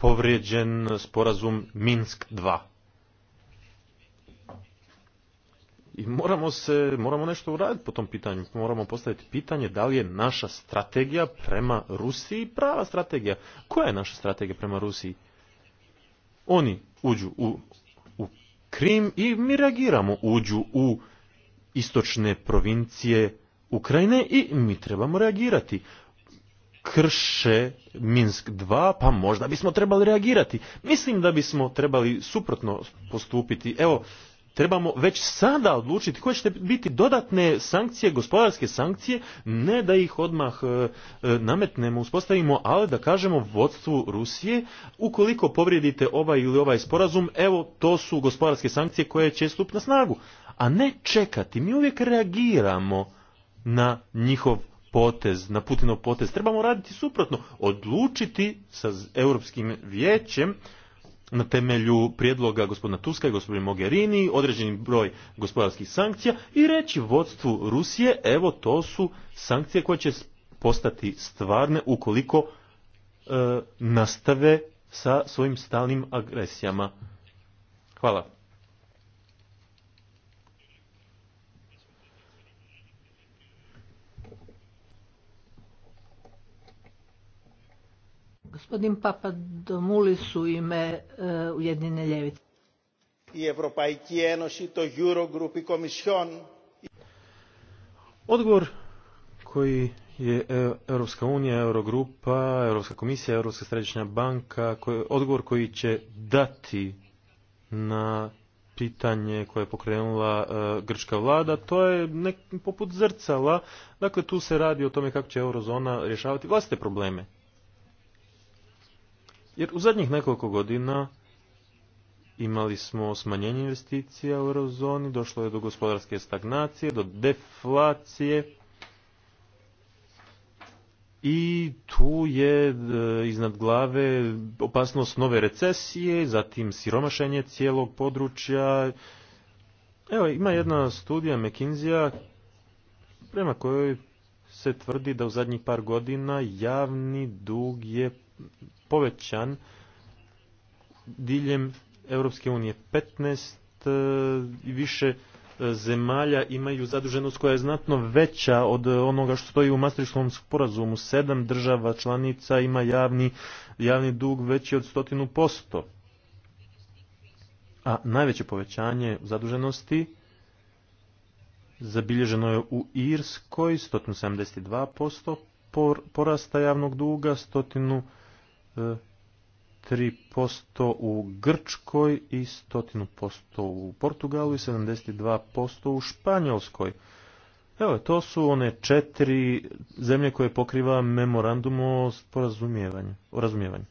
povrijeđen sporazum Minsk 2. I moramo se, moramo nešto uraditi po tom pitanju. Moramo postaviti pitanje da li je naša strategija prema Rusiji prava strategija. Koja je naša strategija prema Rusiji? Oni uđu u, u Krim i mi reagiramo. Uđu u istočne provincije Ukrajine i mi trebamo reagirati krše Minsk 2, pa možda bismo trebali reagirati. Mislim da bismo trebali suprotno postupiti. Evo, trebamo već sada odlučiti koje će biti dodatne sankcije, gospodarske sankcije, ne da ih odmah e, e, nametnemo, uspostavimo, ali da kažemo vodstvu Rusije, ukoliko povrijedite ovaj ili ovaj sporazum, evo to su gospodarske sankcije koje će stupiti na snagu. A ne čekati, mi uvijek reagiramo na njihov potez, na Putinov potez. Trebamo raditi suprotno, odlučiti sa Europskim vijećem na temelju prijedloga gospodina Tuska i gospodina Mogherini, određeni broj gospodarskih sankcija i reći vodstvu Rusije, evo to su sankcije koje će postati stvarne ukoliko e, nastave sa svojim stalnim agresijama. Hvala. Gospodin papa domuli su ime e, Ujedine ljevice. I Evropajki Enoši, to i Odgovor koji je e, Europska unija, Eurogrupa, Europska komisija, Europska središnja banka, odgovor koji će dati na pitanje koje je pokrenula e, grčka vlada, to je poput zrcala. Dakle, tu se radi o tome kako će eurozona rješavati vlastite probleme. Jer u zadnjih nekoliko godina imali smo smanjenje investicija u eurozoni, došlo je do gospodarske stagnacije, do deflacije i tu je e, iznad glave opasnost nove recesije, zatim siromašenje cijelog područja. Evo, ima jedna studija mckinsey prema kojoj se tvrdi da u zadnjih par godina javni dug je povećan diljem Europske unije. 15 e, i više e, zemalja imaju zaduženost koja je znatno veća od e, onoga što stoji u Maastrichtskom sporazumu. Sedam država članica ima javni, javni dug veći od stotinu posto. A najveće povećanje zaduženosti zabilježeno je u Irskoj posto porasta javnog duga, stotinu 3% u Grčkoj i 100% u Portugalu i 72% u Španjolskoj. Evo, to su one četiri zemlje koje pokriva memorandum o o razumijevanju.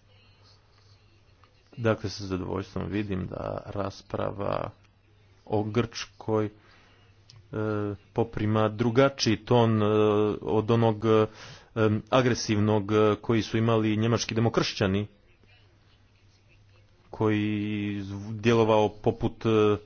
Dakle, sa zadovoljstvom vidim da rasprava o Grčkoj e, poprima drugačiji ton e, od onog agresivnog e, koji su imali njemački demokršćani koji djelovao poput e,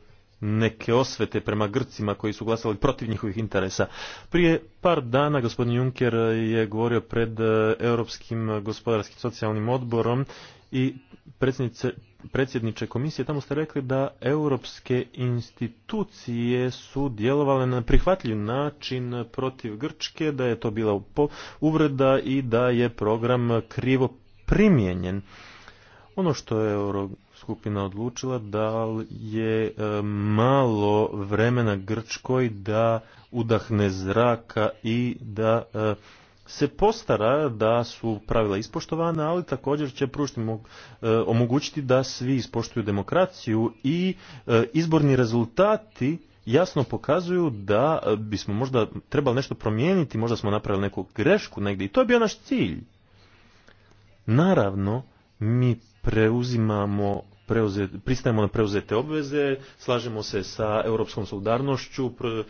neke osvete prema Grcima koji su glasali protiv njihovih interesa. Prije par dana gospodin Juncker je govorio pred e, Europskim gospodarskim socijalnim odborom i predsjednice predsjedniče komisije, tamo ste rekli da europske institucije su djelovale na prihvatljiv način protiv Grčke, da je to bila uvreda i da je program krivo primijenjen. Ono što je skupina odlučila da je e, malo vremena Grčkoj da udahne zraka i da e, se postara da su pravila ispoštovana, ali također će pružiti e, omogućiti da svi ispoštuju demokraciju i e, izborni rezultati jasno pokazuju da e, bismo možda trebali nešto promijeniti, možda smo napravili neku grešku negdje i to je bio naš cilj. Naravno, mi preuzimamo pristajemo na preuzete obveze, slažemo se sa europskom solidarnošću, e,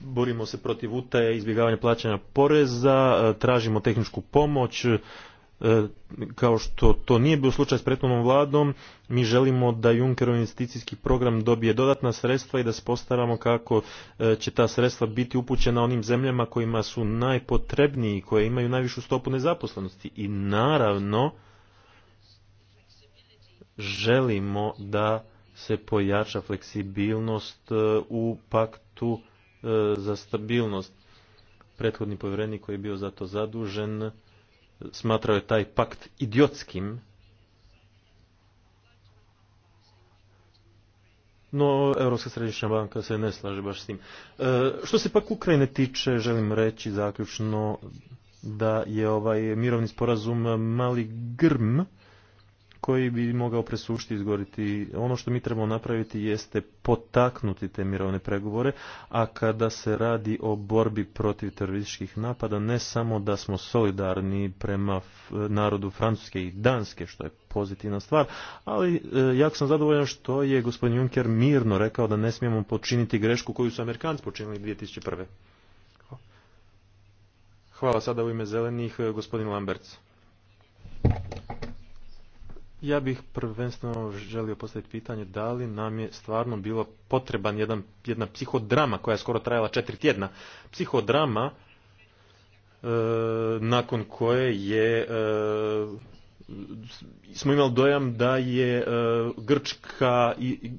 borimo se protiv utaje, izbjegavanja plaćanja poreza, e, tražimo tehničku pomoć, e, kao što to nije bio slučaj s prethodnom vladom, mi želimo da Junkerov investicijski program dobije dodatna sredstva i da se postaramo kako će ta sredstva biti upućena onim zemljama kojima su najpotrebniji, koje imaju najvišu stopu nezaposlenosti. I naravno, želimo da se pojača fleksibilnost e, u paktu e, za stabilnost. Prethodni povjerenik koji je bio za to zadužen e, smatrao je taj pakt idiotskim. No, Europska središnja banka se ne slaže baš s tim. što se pak Ukrajine tiče, želim reći zaključno da je ovaj mirovni sporazum mali grm koji bi mogao presušiti i izgoriti. Ono što mi trebamo napraviti jeste potaknuti te mirovne pregovore, a kada se radi o borbi protiv terorističkih napada, ne samo da smo solidarni prema narodu Francuske i Danske, što je pozitivna stvar, ali e, jako sam zadovoljan što je gospodin Juncker mirno rekao da ne smijemo počiniti grešku koju su Amerikanci počinili 2001. Hvala sada u ime zelenih, e, gospodin Lamberts. Ja bih prvenstveno želio postaviti pitanje da li nam je stvarno bilo potreban jedan, jedna psihodrama koja je skoro trajala četiri tjedna. Psihodrama e, nakon koje je e, smo imali dojam da je e, Grčka i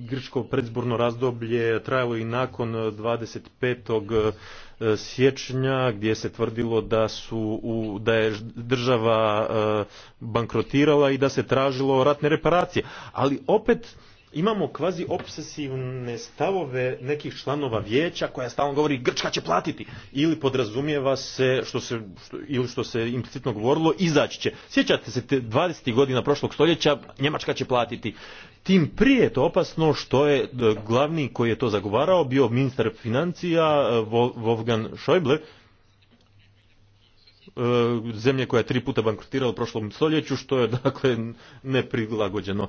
Grčko predizborno razdoblje trajalo i nakon 25. E, siječnja gdje se tvrdilo da da je država e, bankrotirala i da se tražilo ratne reparacije ali opet imamo kvazi obsesivne stavove nekih članova vijeća koja stalno govori Grčka će platiti ili podrazumijeva se što se što, ili što se implicitno govorilo izaći će. Sjećate se te 20. godina prošlog stoljeća Njemačka će platiti. Tim prije je to opasno što je e, glavni koji je to zagovarao bio ministar financija e, Wolfgang Schäuble e, zemlje koja je tri puta bankrotirala u prošlom stoljeću, što je dakle neprilagođeno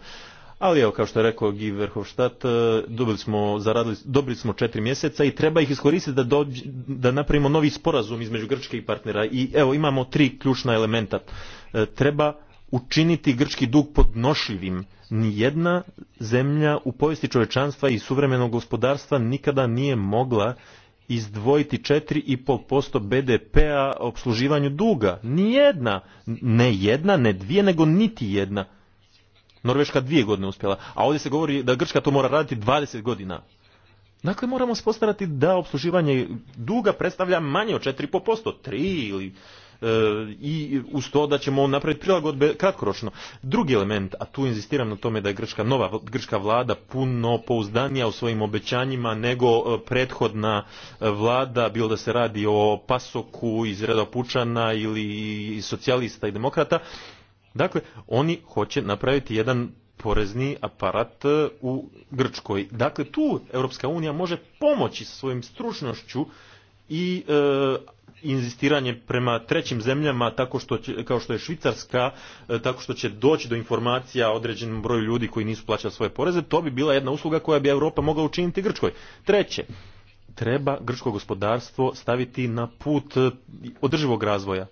ali evo kao što je rekao Guy Verhofstadt, e, dobili smo, zaradili, dobili smo četiri mjeseca i treba ih iskoristiti da, da napravimo novi sporazum između Grčke i partnera. I evo imamo tri ključna elementa. E, treba učiniti grčki dug podnošljivim. Nijedna zemlja u povijesti čovečanstva i suvremenog gospodarstva nikada nije mogla izdvojiti 4,5% BDP-a obsluživanju duga. Nijedna, ne jedna, ne dvije, nego niti jedna. Norveška dvije godine uspjela, a ovdje se govori da Grčka to mora raditi 20 godina. Dakle, moramo postarati da obsluživanje duga predstavlja manje od 4,5%, 3 ili e, i uz to da ćemo napraviti prilagodbe kratkoročno. Drugi element, a tu inzistiram na tome da je grčka, nova grčka vlada puno pouzdanija u svojim obećanjima nego e, prethodna e, vlada, bilo da se radi o pasoku iz reda pučana ili socijalista i demokrata, Dakle, oni hoće napraviti jedan porezni aparat e, u Grčkoj. Dakle, tu Europska unija može pomoći sa svojim stručnošću i e, inzistiranje prema trećim zemljama tako što će, kao što je Švicarska, e, tako što će doći do informacija o određenom broju ljudi koji nisu plaćali svoje poreze, to bi bila jedna usluga koja bi Europa mogla učiniti Grčkoj. Treće, treba grčko gospodarstvo staviti na put e, održivog razvoja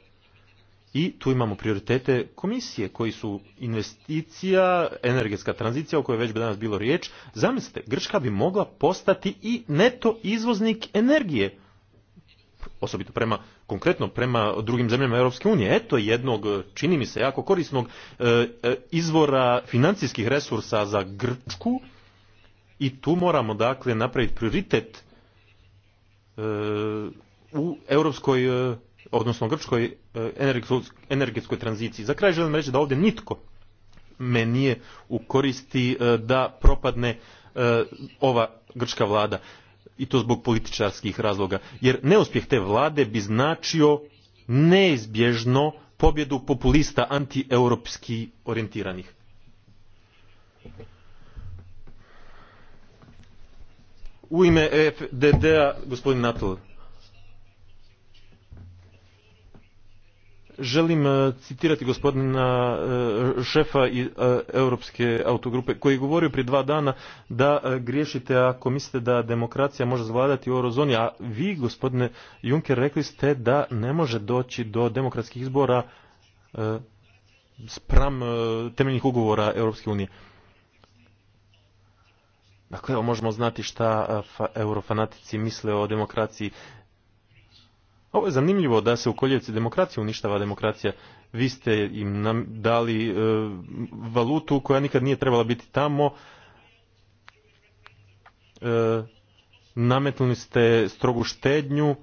i tu imamo prioritete komisije koji su investicija, energetska tranzicija o kojoj već bi danas bilo riječ. Zamislite, Grčka bi mogla postati i neto izvoznik energije. Osobito prema, konkretno prema drugim zemljama Europske unije. Eto jednog, čini mi se, jako korisnog e, e, izvora financijskih resursa za Grčku i tu moramo dakle napraviti prioritet e, u europskoj odnosno grčkoj e, energetskoj tranziciji. Za kraj želim reći da ovdje nitko me nije u koristi e, da propadne e, ova grčka vlada i to zbog političarskih razloga. Jer neuspjeh te vlade bi značio neizbježno pobjedu populista antieuropski orijentiranih. U ime FDD-a gospodin Natal. želim e, citirati gospodina e, šefa e, Europske autogrupe koji je govorio prije dva dana da griješite ako mislite da demokracija može zvladati u eurozoni, a vi gospodine Juncker rekli ste da ne može doći do demokratskih izbora spram temeljnih ugovora Europske unije. Dakle, evo možemo znati šta eurofanatici misle o demokraciji. Ovo je zanimljivo da se u koljevci demokracije uništava demokracija. Vi ste im dali e, valutu koja nikad nije trebala biti tamo. E, nametnuli ste strogu štednju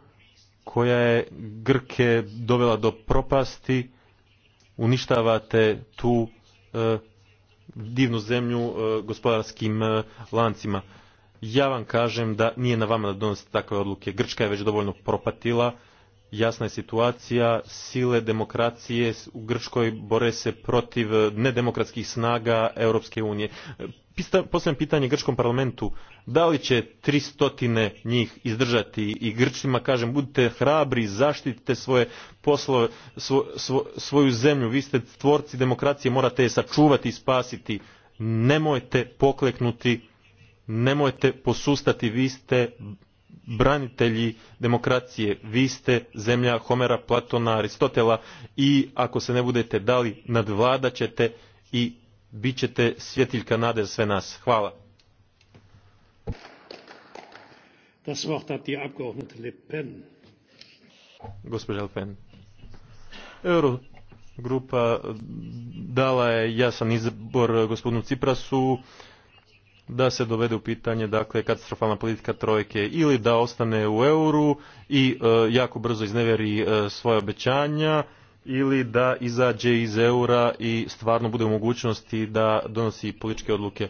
koja je Grke dovela do propasti. Uništavate tu e, divnu zemlju e, gospodarskim lancima. Ja vam kažem da nije na vama da donosite takve odluke. Grčka je već dovoljno propatila jasna je situacija, sile demokracije u Grčkoj bore se protiv eh, nedemokratskih snaga Europske unije. Postavljam pitanje Grčkom parlamentu, da li će tri stotine njih izdržati i Grčima kažem budite hrabri, zaštitite svoje poslove, svoju zemlju, vi ste tvorci demokracije, morate je sačuvati i spasiti. Nemojte pokleknuti nemojte posustati vi ste branitelji demokracije. Vi ste zemlja Homera, Platona, Aristotela i ako se ne budete dali, nadvladat ćete i bit ćete svjetiljka nade za sve nas. Hvala. Das Euro grupa dala je jasan izbor gospodinu Ciprasu da se dovede u pitanje dakle katastrofalna politika trojke ili da ostane u euru i e, jako brzo izneveri e, svoja obećanja ili da izađe iz eura i stvarno bude u mogućnosti da donosi političke odluke.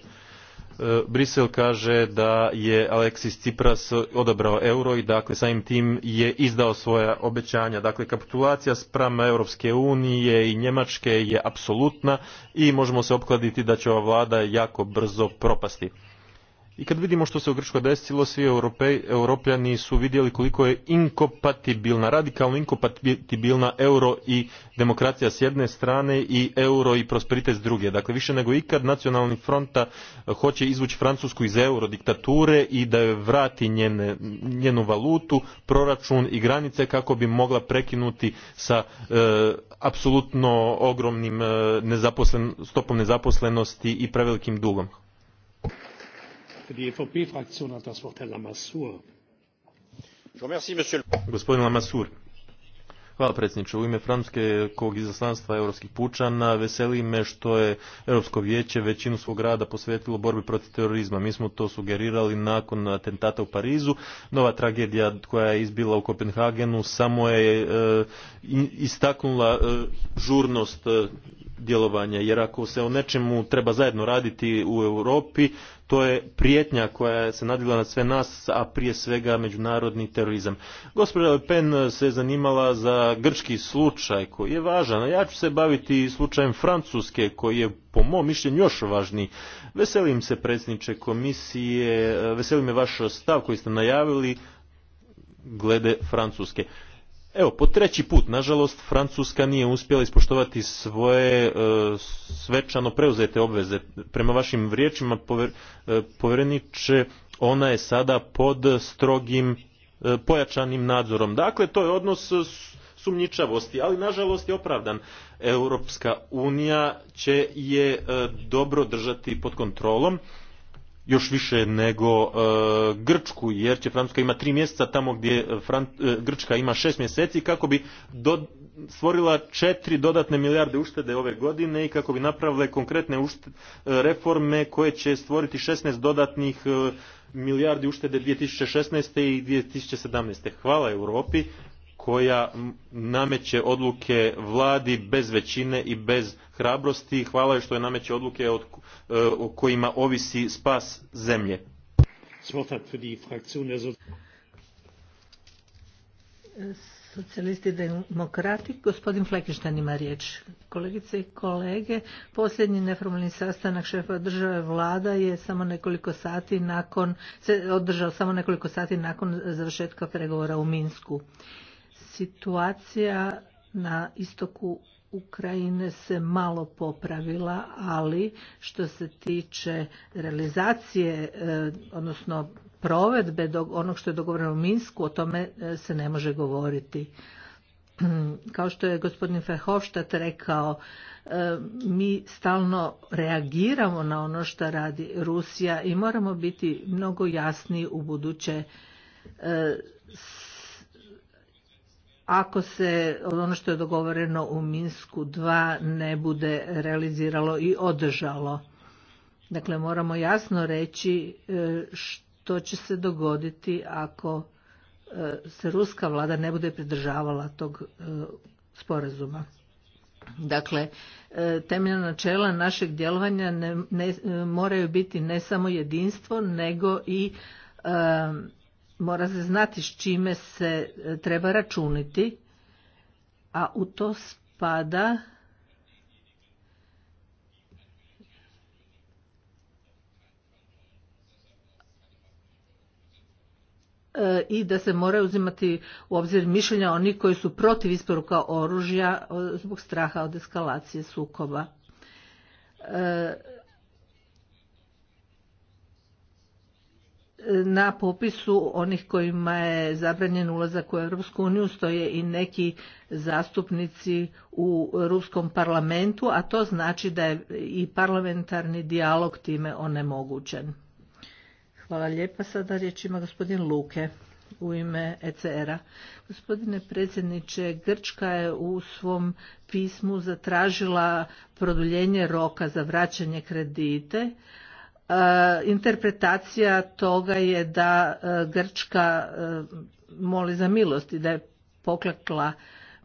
E, Brisel kaže da je Alexis Tsipras odabrao euro i dakle samim tim je izdao svoja obećanja. Dakle, kapitulacija sprama Europske unije i Njemačke je apsolutna i možemo se opkladiti da će ova vlada jako brzo propasti. I kad vidimo što se u Grčkoj desilo, svi europljani su vidjeli koliko je inkopatibilna, radikalno inkopatibilna euro i demokracija s jedne strane i euro i prosperitet s druge. Dakle, više nego ikad nacionalni fronta eh, hoće izvući Francusku iz euro diktature i da joj vrati njenu valutu, proračun i granice kako bi mogla prekinuti sa eh, apsolutno ogromnim eh, nezaposlen, stopom nezaposlenosti i prevelikim dugom. E Gospodin Lamassur. Hvala predsjedniče. U ime kog izaslanstva europskih pučana veseli me što je Europsko vijeće većinu svog rada posvetilo borbi protiv terorizma. Mi smo to sugerirali nakon atentata u Parizu. Nova tragedija koja je izbila u Kopenhagenu samo je e, istaknula e, žurnost djelovanja jer ako se o nečemu treba zajedno raditi u Europi to je prijetnja koja se nadvila na sve nas, a prije svega međunarodni terorizam. Gospođa Pen se zanimala za grčki slučaj koji je važan, a ja ću se baviti slučajem Francuske koji je po mom mišljenju još važniji. Veselim se predsjedniče komisije, veselim je vaš stav koji ste najavili glede Francuske. Evo, po treći put, nažalost, Francuska nije uspjela ispoštovati svoje e, svečano preuzete obveze. Prema vašim riječima, e, povjereniče, ona je sada pod strogim e, pojačanim nadzorom. Dakle, to je odnos sumnjičavosti, ali nažalost je opravdan. Europska unija će je dobro držati pod kontrolom još više nego e, Grčku, jer će Francuska ima tri mjeseca tamo gdje e, e, Grčka ima šest mjeseci kako bi stvorila četiri dodatne milijarde uštede ove godine i kako bi napravile konkretne reforme koje će stvoriti 16 dodatnih milijardi uštede 2016. i 2017. Hvala Europi koja nameće odluke vladi bez većine i bez hrabrosti. Hvala je što je nameće odluke od, e, o kojima ovisi spas zemlje. Socijalisti demokrati, gospodin Flekištan ima riječ. Kolegice i kolege, posljednji neformalni sastanak šefa države vlada je samo nekoliko sati nakon, se održao samo nekoliko sati nakon završetka pregovora u Minsku situacija na istoku Ukrajine se malo popravila, ali što se tiče realizacije, e, odnosno provedbe onog što je dogovoreno u Minsku, o tome e, se ne može govoriti. Kao što je gospodin Verhofstadt rekao, e, mi stalno reagiramo na ono što radi Rusija i moramo biti mnogo jasniji u buduće ako se ono što je dogovoreno u Minsku 2 ne bude realiziralo i održalo. Dakle, moramo jasno reći e, što će se dogoditi ako e, se ruska vlada ne bude pridržavala tog e, sporazuma. Dakle, temeljna načela našeg djelovanja ne, moraju biti ne samo jedinstvo, nego i mora se znati s čime se e, treba računiti, a u to spada e, i da se moraju uzimati u obzir mišljenja oni koji su protiv isporuka oružja e, zbog straha od eskalacije sukoba. na popisu onih kojima je zabranjen ulazak u Europsku uniju stoje i neki zastupnici u Ruskom parlamentu, a to znači da je i parlamentarni dijalog time onemogućen. Hvala lijepa. Sada riječ ima gospodin Luke u ime ecr Gospodine predsjedniče, Grčka je u svom pismu zatražila produljenje roka za vraćanje kredite, E, interpretacija toga je da e, Grčka e, moli za milost i da je poklekla.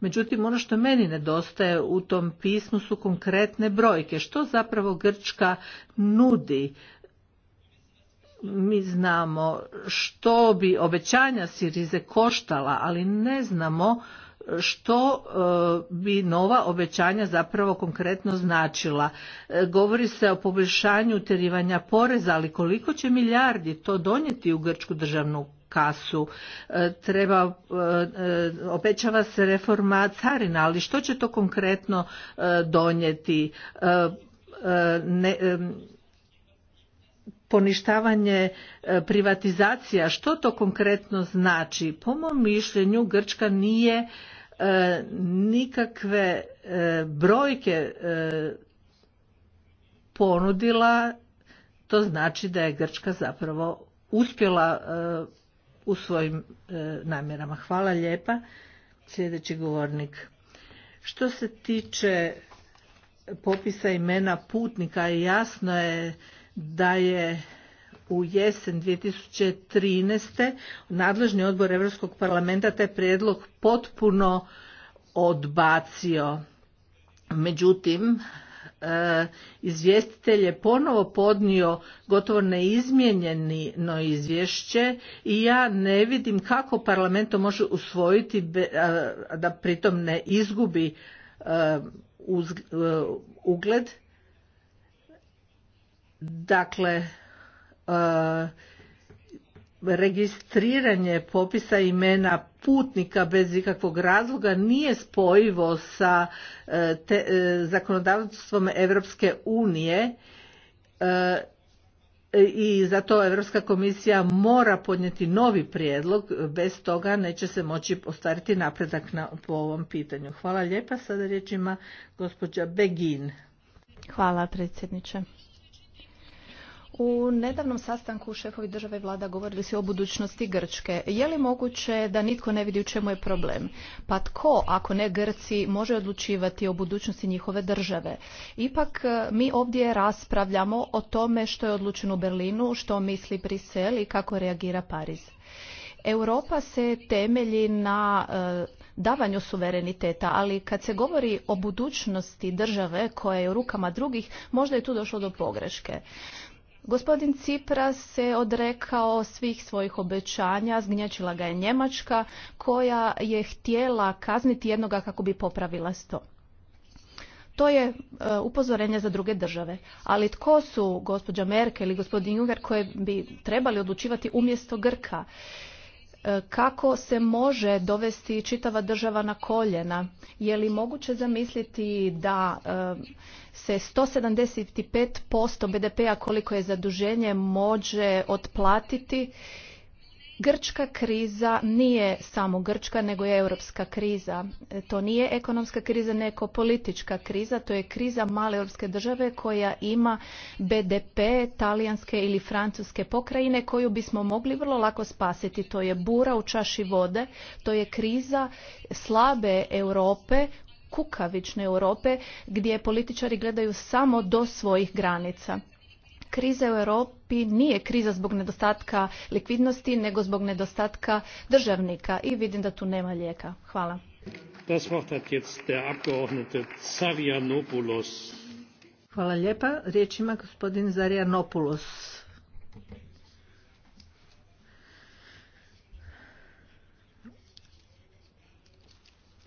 Međutim, ono što meni nedostaje u tom pismu su konkretne brojke. Što zapravo Grčka nudi? Mi znamo što bi obećanja Sirize koštala, ali ne znamo što e, bi nova obećanja zapravo konkretno značila. E, govori se o poboljšanju utjerivanja poreza, ali koliko će milijardi to donijeti u grčku državnu kasu. E, treba, obećava se reforma carina, ali što će to konkretno donijeti? poništavanje privatizacija što to konkretno znači po mom mišljenju grčka nije E, nikakve e, brojke e, ponudila, to znači da je Grčka zapravo uspjela u svojim namjerama. Hvala lijepa. Sljedeći govornik. Što se tiče popisa imena putnika, jasno je da je u jesen 2013. nadležni odbor Europskog parlamenta taj prijedlog potpuno odbacio. Međutim, e, izvjestitelj je ponovo podnio gotovo neizmijenjeno izvješće i ja ne vidim kako parlament to može usvojiti da pritom ne izgubi e, e, ugled. Dakle, E, registriranje popisa imena putnika bez ikakvog razloga nije spojivo sa e, e, zakonodavstvom Europske unije i zato Europska komisija mora podnijeti novi prijedlog, bez toga neće se moći ostvariti napredak na, po ovom pitanju. Hvala lijepa, sada riječ ima gospođa Begin. Hvala predsjedniče. U nedavnom sastanku šefovi države i vlada govorili su o budućnosti Grčke. Je li moguće da nitko ne vidi u čemu je problem? Pa tko, ako ne Grci, može odlučivati o budućnosti njihove države? Ipak e, mi ovdje raspravljamo o tome što je odlučeno u Berlinu, što misli Brisel i kako reagira Pariz. Europa se temelji na e, davanju suvereniteta, ali kad se govori o budućnosti države koja je u rukama drugih, možda je tu došlo do pogreške. Gospodin Cipras se odrekao svih svojih obećanja, zgnječila ga je Njemačka koja je htjela kazniti jednoga kako bi popravila sto. To je e, upozorenje za druge države. Ali tko su gospođa Merkel i gospodin Juncker koje bi trebali odlučivati umjesto Grka? E, kako se može dovesti čitava država na koljena? Je li moguće zamisliti da e, se 175% BDP-a koliko je zaduženje može otplatiti Grčka kriza nije samo grčka, nego je europska kriza. To nije ekonomska kriza, nego politička kriza. To je kriza male europske države koja ima BDP talijanske ili francuske pokrajine koju bismo mogli vrlo lako spasiti. To je bura u čaši vode, to je kriza slabe Europe kukavične Europe gdje političari gledaju samo do svojih granica kriza u Europi nije kriza zbog nedostatka likvidnosti, nego zbog nedostatka državnika i vidim da tu nema lijeka. Hvala. Das Wort hat jetzt der Abgeordnete Hvala lijepa. Riječ ima gospodin Zarianopoulos.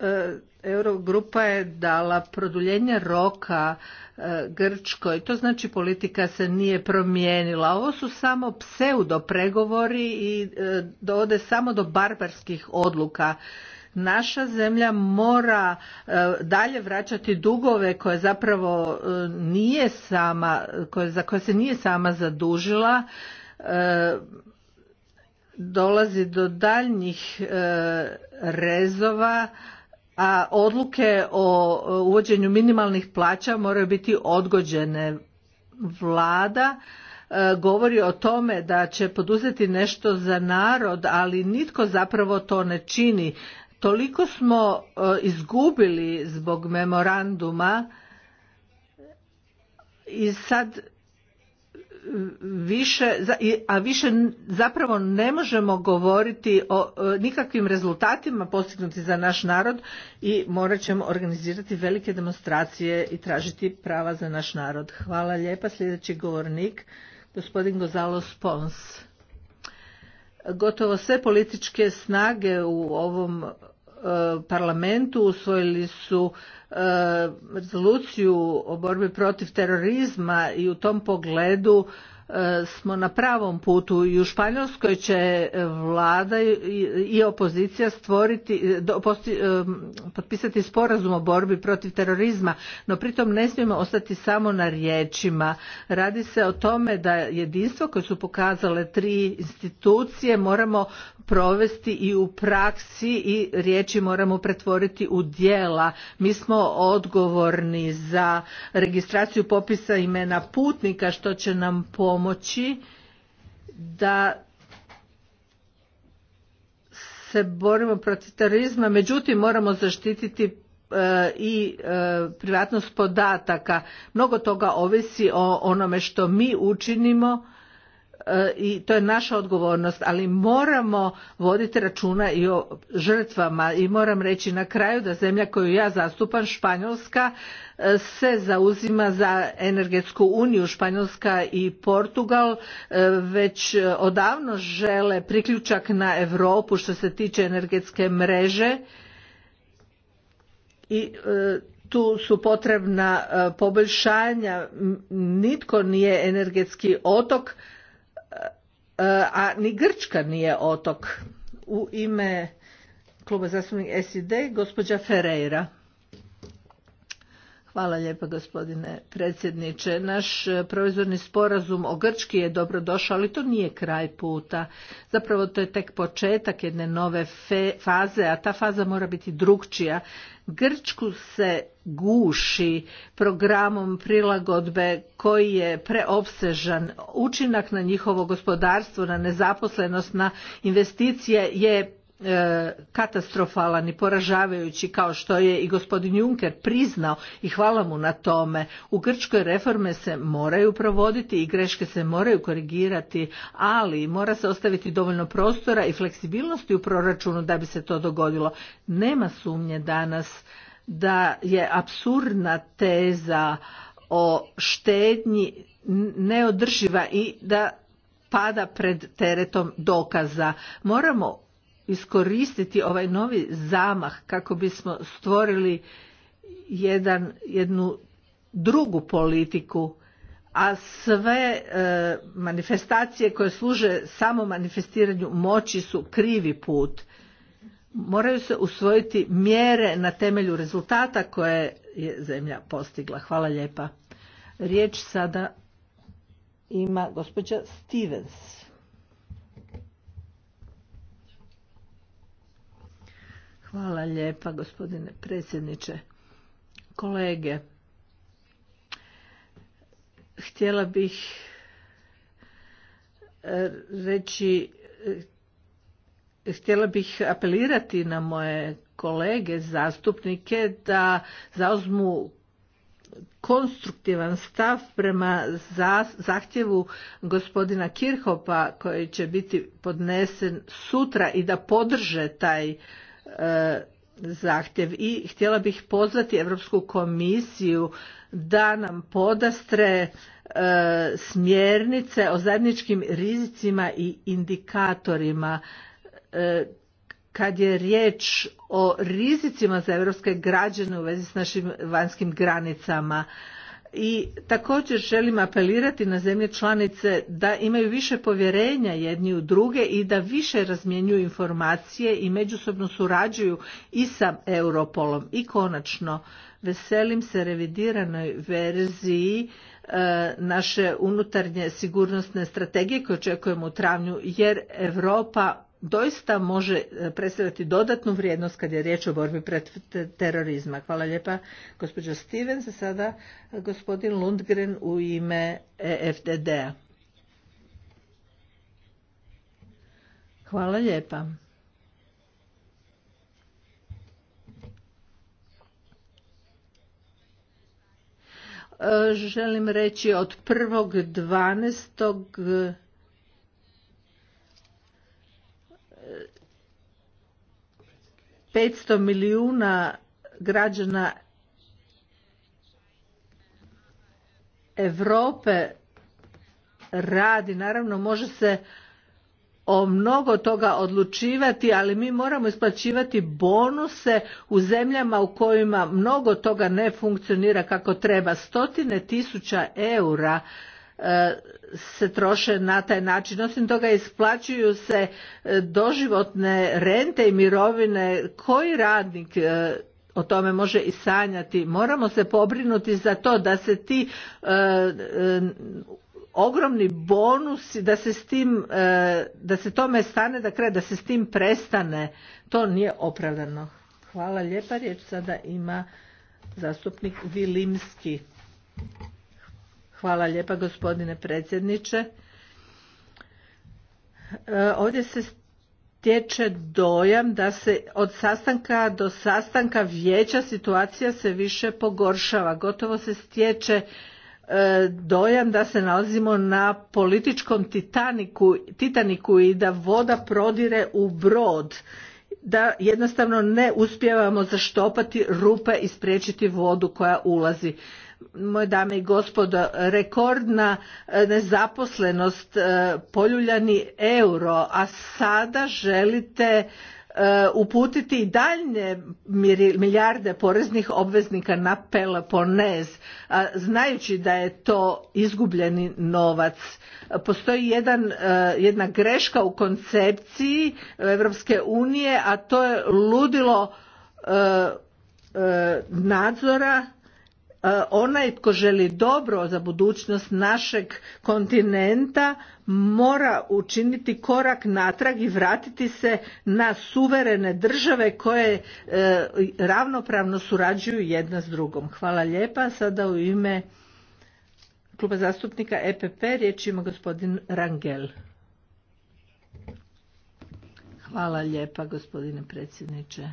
E, Eurogrupa je dala produljenje roka e, Grčkoj, to znači politika se nije promijenila. Ovo su samo pseudo pregovori i e, dovode samo do barbarskih odluka. Naša zemlja mora dalje vraćati dugove koje zapravo nije sama, za koje se nije sama zadužila dolazi do daljnjih rezova a odluke o uvođenju minimalnih plaća moraju biti odgođene. Vlada e, govori o tome da će poduzeti nešto za narod, ali nitko zapravo to ne čini. Toliko smo e, izgubili zbog memoranduma i sad više, a više zapravo ne možemo govoriti o nikakvim rezultatima postignuti za naš narod i morat ćemo organizirati velike demonstracije i tražiti prava za naš narod. Hvala lijepa. Sljedeći govornik, gospodin Gozalo Spons. Gotovo sve političke snage u ovom e, parlamentu usvojili su rezoluciju o borbi protiv terorizma i u tom pogledu E, smo na pravom putu i u Španjolskoj će e, vlada i opozicija stvoriti, e, potpisati sporazum o borbi protiv terorizma, no pritom ne smijemo ostati samo na riječima. Radi se o tome da jedinstvo koje su pokazale tri institucije moramo provesti i u praksi i riječi moramo pretvoriti u djela. Mi smo odgovorni za registraciju popisa imena putnika što će nam pomoći pomoći da se borimo protiv terorizma, međutim moramo zaštititi e, i e, privatnost podataka. Mnogo toga ovisi o onome što mi učinimo E, i to je naša odgovornost, ali moramo voditi računa i o žrtvama i moram reći na kraju da zemlja koju ja zastupam, Španjolska, e, se zauzima za energetsku uniju. Španjolska i Portugal e, već odavno žele priključak na Europu što se tiče energetske mreže i tu su potrebna poboljšanja. Nitko nije energetski otok E, a ni Grčka nije otok. U ime kluba zastupnika SID, gospođa Ferreira. Hvala lijepa gospodine predsjedniče. Naš e, proizvodni sporazum o Grčki je dobro došao, ali to nije kraj puta. Zapravo to je tek početak jedne nove faze, a ta faza mora biti drugčija. Grčku se guši programom prilagodbe koji je preopsežan. Učinak na njihovo gospodarstvo, na nezaposlenost, na investicije je katastrofalan i poražavajući kao što je i gospodin Juncker priznao i hvala mu na tome. U Grčkoj reforme se moraju provoditi i greške se moraju korigirati, ali mora se ostaviti dovoljno prostora i fleksibilnosti u proračunu da bi se to dogodilo. Nema sumnje danas da je apsurdna teza o štednji neodrživa i da pada pred teretom dokaza. Moramo iskoristiti ovaj novi zamah kako bismo stvorili jedan, jednu drugu politiku a sve e, manifestacije koje služe samo manifestiranju moći su krivi put moraju se usvojiti mjere na temelju rezultata koje je zemlja postigla hvala lijepa riječ sada ima gospođa Stevens Hvala lijepa gospodine predsjedniče. Kolege, htjela bih e, reći, e, htjela bih apelirati na moje kolege zastupnike da zauzmu konstruktivan stav prema zahtjevu gospodina Kirhopa koji će biti podnesen sutra i da podrže taj zahtjev i htjela bih pozvati Europsku komisiju da nam podastre e, smjernice o zajedničkim rizicima i indikatorima e, kad je riječ o rizicima za europske građane u vezi s našim vanjskim granicama i također želim apelirati na zemlje članice da imaju više povjerenja jedni u druge i da više razmjenjuju informacije i međusobno surađuju i sa Europolom. I konačno, veselim se revidiranoj verziji e, naše unutarnje sigurnosne strategije koje očekujemo u travnju jer Europa doista može e, predstavljati dodatnu vrijednost kad je riječ o borbi protiv terorizma. Hvala lijepa gospođo Steven. Za sada gospodin Lundgren u ime EFDD-a. Hvala lijepa. E, želim reći od 1.12 500 milijuna građana Europe radi, naravno može se o mnogo toga odlučivati, ali mi moramo isplaćivati bonuse u zemljama u kojima mnogo toga ne funkcionira kako treba. Stotine tisuća eura E, se troše na taj način. Osim toga isplaćuju se e, doživotne rente i mirovine. Koji radnik e, o tome može i sanjati? Moramo se pobrinuti za to da se ti ogromni bonus da se s tim da se tome stane da kraj da se s tim prestane to nije opravdano hvala lijepa riječ sada ima zastupnik Vilimski Hvala lijepa gospodine predsjedniče. E, ovdje se stječe dojam da se od sastanka do sastanka vijeća situacija se više pogoršava. Gotovo se stječe e, dojam da se nalazimo na političkom titaniku, titaniku i da voda prodire u brod da jednostavno ne uspijevamo zaštopati rupe i spriječiti vodu koja ulazi moje dame i gospodo, rekordna e, nezaposlenost, e, poljuljani euro, a sada želite e, uputiti i daljnje milijarde poreznih obveznika na Peloponez, znajući da je to izgubljeni novac. Postoji jedan, jedna greška u koncepciji Europske unije, a to je ludilo nadzora E, onaj tko želi dobro za budućnost našeg kontinenta mora učiniti korak natrag i vratiti se na suverene države koje e, ravnopravno surađuju jedna s drugom. Hvala lijepa. Sada u ime kluba zastupnika EPP riječ ima gospodin Rangel. Hvala lijepa gospodine predsjedniče.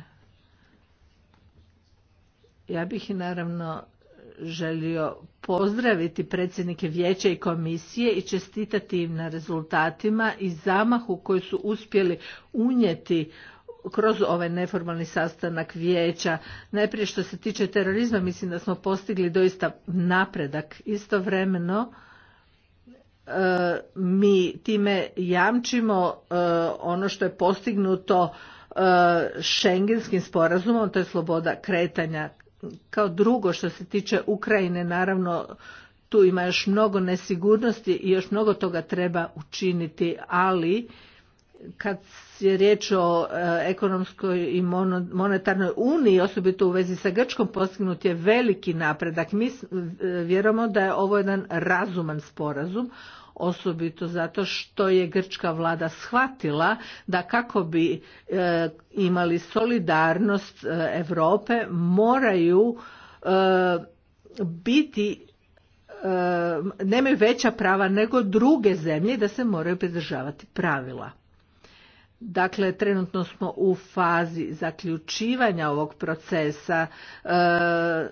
Ja bih i naravno želio pozdraviti predsjednike vijeća i komisije i čestitati im na rezultatima i zamahu koji su uspjeli unijeti kroz ovaj neformalni sastanak vijeća. Najprije što se tiče terorizma mislim da smo postigli doista napredak. Istovremeno e, mi time jamčimo e, ono što je postignuto Schengenskim e, sporazumom, to je sloboda kretanja kao drugo što se tiče Ukrajine naravno tu ima još mnogo nesigurnosti i još mnogo toga treba učiniti, ali kad je riječ o e, ekonomskoj i monetarnoj uniji, osobito u vezi sa Grčkom, postignut je veliki napredak. Mi e, vjerujemo da je ovo jedan razuman sporazum osobito zato što je grčka vlada shvatila da kako bi e, imali solidarnost e, Europe moraju e, biti nemaju veća prava nego druge zemlje da se moraju pridržavati pravila. Dakle, trenutno smo u fazi zaključivanja ovog procesa e,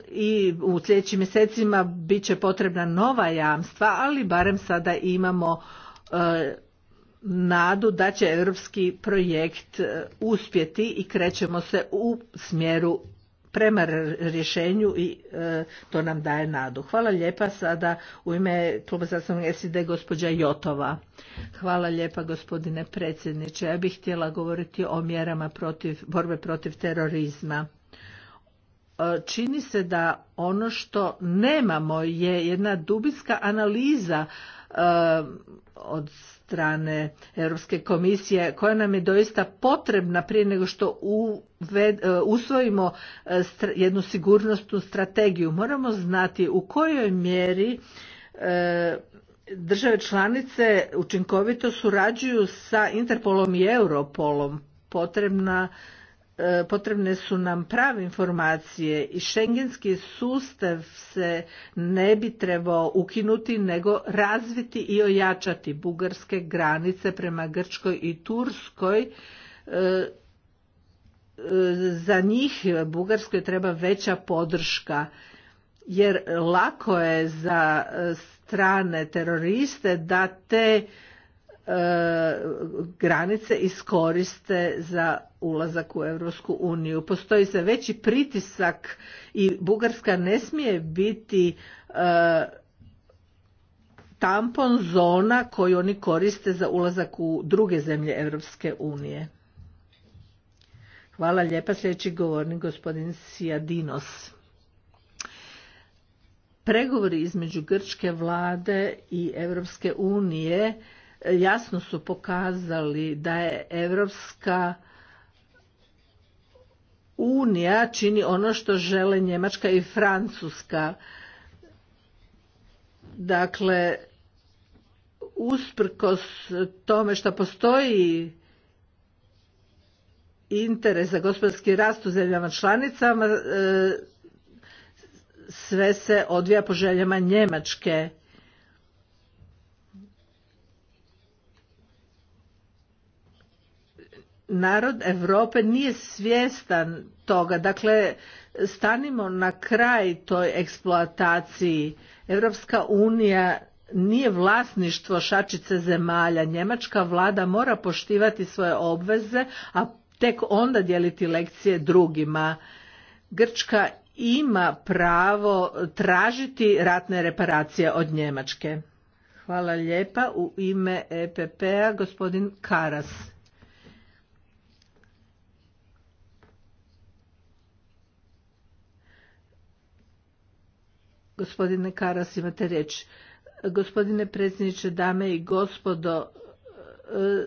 i u sljedećim mjesecima bit će potrebna nova jamstva, ali barem sada imamo e, nadu da će europski projekt e, uspjeti i krećemo se u smjeru prema rješenju i e, to nam daje nadu. Hvala lijepa sada u ime kluba zastupnika SID gospođa Jotova. Hvala lijepa gospodine predsjedniče. Ja bih htjela govoriti o mjerama protiv, borbe protiv terorizma. E, čini se da ono što nemamo je jedna dubinska analiza Eh, od strane Europske komisije koja nam je doista potrebna prije nego što eh, usvojimo eh, jednu sigurnosnu strategiju. Moramo znati u kojoj mjeri države članice učinkovito surađuju sa Interpolom i Europolom. Potrebna E, potrebne su nam prave informacije i šengenski sustav se ne bi trebao ukinuti nego razviti i ojačati bugarske granice prema Grčkoj i Turskoj e, e, za njih Bugarskoj treba veća podrška jer lako je za strane teroriste da te E, granice iskoriste za ulazak u Europsku uniju. Postoji se veći pritisak i Bugarska ne smije biti e, tampon zona koju oni koriste za ulazak u druge zemlje Europske unije. Hvala lijepa. Sljedeći govornik gospodin Sijadinos. Pregovori između grčke vlade i Europske unije jasno su pokazali da je Europska unija čini ono što žele Njemačka i Francuska. Dakle, usprkos tome što postoji interes za gospodarski rast u zemljama članicama, e, sve se odvija po željama Njemačke. narod Europe nije svjestan toga. Dakle, stanimo na kraj toj eksploataciji. Europska unija nije vlasništvo šačice zemalja. Njemačka vlada mora poštivati svoje obveze, a tek onda dijeliti lekcije drugima. Grčka ima pravo tražiti ratne reparacije od Njemačke. Hvala lijepa. U ime EPP-a gospodin Karas. Gospodine Karas, imate riječ. Gospodine predsjedniče, dame i gospodo, e,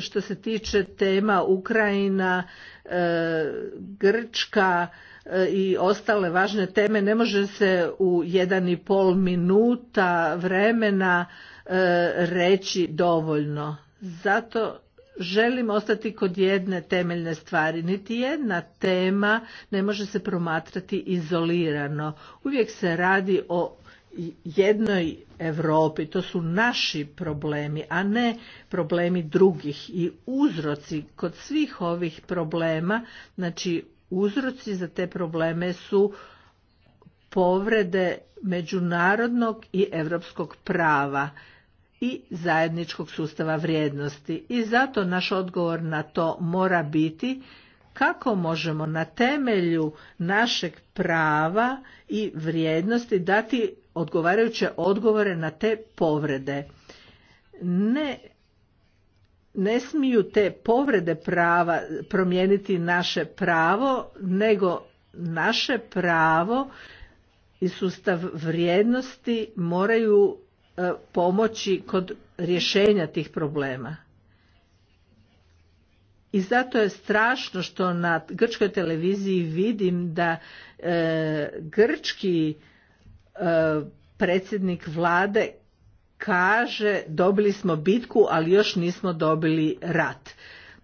što se tiče tema Ukrajina, e, Grčka e, i ostale važne teme, ne može se u jedan i pol minuta vremena reći dovoljno. Zato želim ostati kod jedne temeljne stvari. Niti jedna tema ne može se promatrati izolirano. Uvijek se radi o jednoj Europi, to su naši problemi, a ne problemi drugih i uzroci kod svih ovih problema, znači uzroci za te probleme su povrede međunarodnog i europskog prava i zajedničkog sustava vrijednosti. I zato naš odgovor na to mora biti kako možemo na temelju našeg prava i vrijednosti dati odgovarajuće odgovore na te povrede. Ne ne smiju te povrede prava promijeniti naše pravo, nego naše pravo i sustav vrijednosti moraju E, pomoći kod rješenja tih problema. I zato je strašno što na grčkoj televiziji vidim da e, grčki e, predsjednik vlade kaže dobili smo bitku, ali još nismo dobili rat.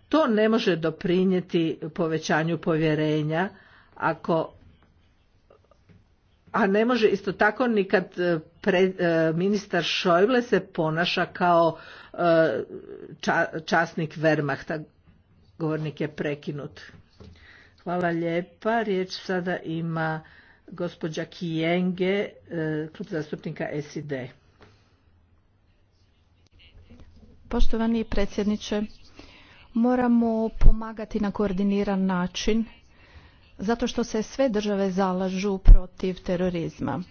To ne može doprinijeti povećanju povjerenja ako a ne može isto tako ni kad e, e, ministar Šojble se ponaša kao e, ča, časnik Wehrmachta. Govornik je prekinut. Hvala lijepa. Riječ sada ima gospođa Kijenge, klub zastupnika SID. Poštovani predsjedniče, moramo pomagati na koordiniran način zato što se sve države zalažu protiv terorizma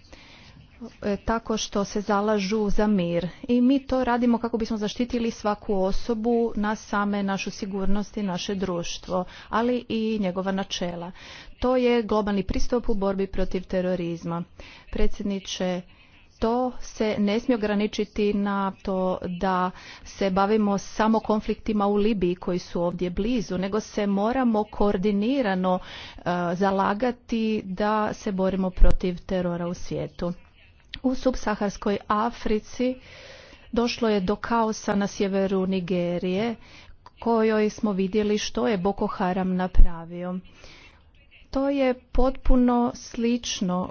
e, tako što se zalažu za mir i mi to radimo kako bismo zaštitili svaku osobu nas same našu sigurnost i naše društvo ali i njegova načela to je globalni pristup u borbi protiv terorizma predsjedniče to se ne smije ograničiti na to da se bavimo samo konfliktima u Libiji koji su ovdje blizu, nego se moramo koordinirano e, zalagati da se borimo protiv terora u svijetu. U subsaharskoj Africi došlo je do kaosa na sjeveru Nigerije kojoj smo vidjeli što je Boko Haram napravio. To je potpuno slično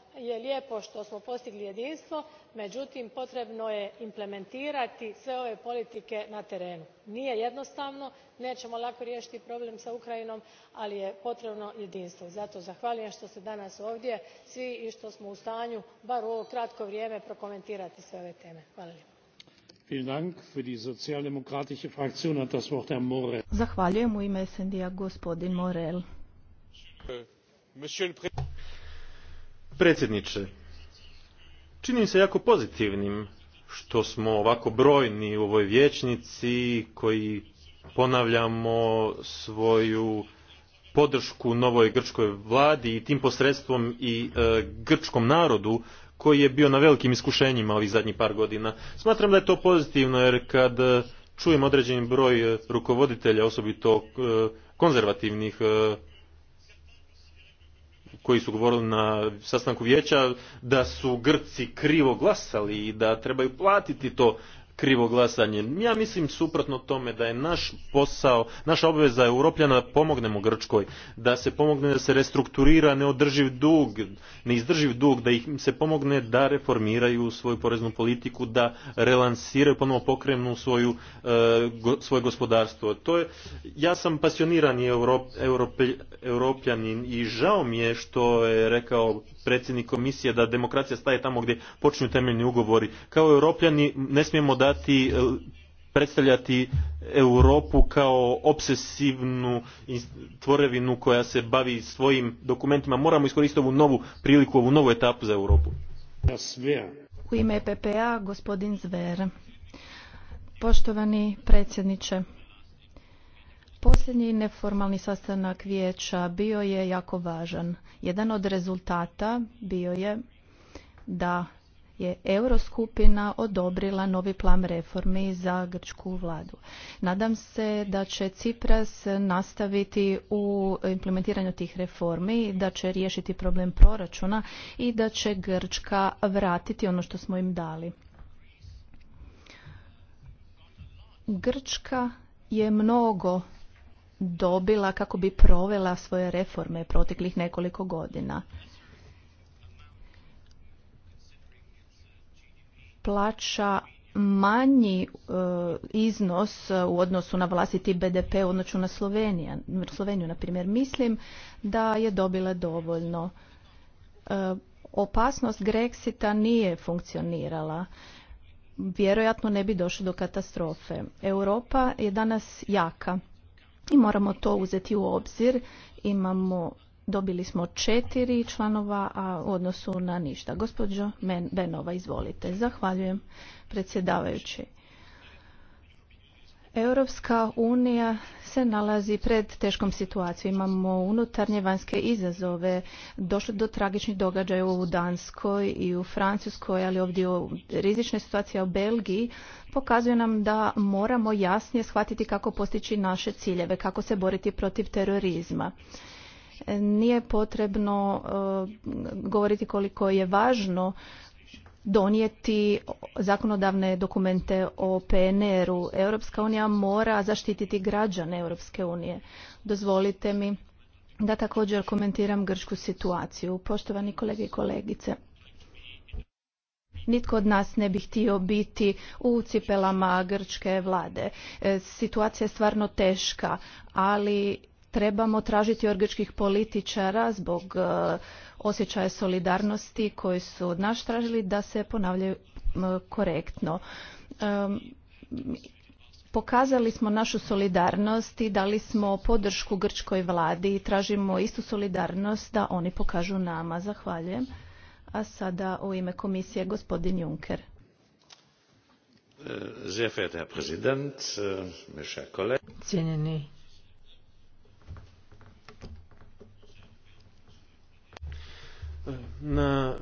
je lijepo što smo postigli jedinstvo međutim potrebno je implementirati sve ove politike na terenu. nije jednostavno nećemo lako riješiti problem s ukrajinom ali je potrebno jedinstvo. zato zahvaljujem što ste danas ovdje svi i što smo u stanju bar u ovo kratko vrijeme prokomentirati sve ove teme. gospodin euh, Predsjedniče, čini se jako pozitivnim što smo ovako brojni u ovoj vijećnici koji ponavljamo svoju podršku novoj grčkoj vladi i tim posredstvom i e, grčkom narodu koji je bio na velikim iskušenjima ovih zadnjih par godina. Smatram da je to pozitivno jer kad e, čujem određeni broj e, rukovoditelja, osobito konzervativnih koji su govorili na sastanku vijeća da su Grci krivo glasali i da trebaju platiti to krivo glasanje. Ja mislim suprotno tome da je naš posao, naša obveza Europljana da pomognemo Grčkoj, da se pomogne da se restrukturira neodrživ dug, neizdrživ dug, da ih se pomogne da reformiraju svoju poreznu politiku, da relansiraju, ponovo pokrenu svoju, e, svoje gospodarstvo. To je, ja sam pasionirani Europ, Europljanin i žao mi je što je rekao predsjednik komisije da demokracija staje tamo gdje počinju temeljni ugovori. Kao Europljani ne smijemo da predstavljati e, predstavljati Europu kao obsesivnu tvorevinu koja se bavi svojim dokumentima. Moramo iskoristiti ovu novu priliku, ovu novu etapu za Europu. U ime e PPA gospodin Zver. Poštovani predsjedniče, Posljednji neformalni sastanak vijeća bio je jako važan. Jedan od rezultata bio je da je Euroskupina odobrila novi plan reformi za grčku vladu. Nadam se da će Cipras nastaviti u implementiranju tih reformi, da će riješiti problem proračuna i da će Grčka vratiti ono što smo im dali. Grčka je mnogo dobila kako bi provela svoje reforme proteklih nekoliko godina. plaća manji e, iznos u odnosu na vlastiti BDP u odnosu na Sloveniju Sloveniju, na primjer. Mislim da je dobila dovoljno. E, opasnost Grexita nije funkcionirala. Vjerojatno ne bi došlo do katastrofe. Europa je danas jaka i moramo to uzeti u obzir. Imamo dobili smo četiri članova, a u odnosu na ništa. Gospođo Benova, izvolite. Zahvaljujem predsjedavajući. Europska unija se nalazi pred teškom situacijom. Imamo unutarnje vanjske izazove. Došlo do tragičnih događaja u Danskoj i u Francuskoj, ali ovdje u rizične situacija u Belgiji pokazuje nam da moramo jasnije shvatiti kako postići naše ciljeve, kako se boriti protiv terorizma. Nije potrebno e, govoriti koliko je važno donijeti zakonodavne dokumente o PNR-u. Europska unija mora zaštititi građane Europske unije. Dozvolite mi da također komentiram grčku situaciju. Poštovani kolege i kolegice, nitko od nas ne bi htio biti u cipelama grčke vlade. E, situacija je stvarno teška, ali trebamo tražiti orgičkih političara zbog e, osjećaja solidarnosti koji su od nas tražili da se ponavljaju korektno. Pokazali smo našu solidarnost i dali smo podršku grčkoj vladi i tražimo istu solidarnost da oni pokažu nama. Zahvaljujem. A sada u ime komisije gospodin Juncker. Eh, eh, Cijenjeni Na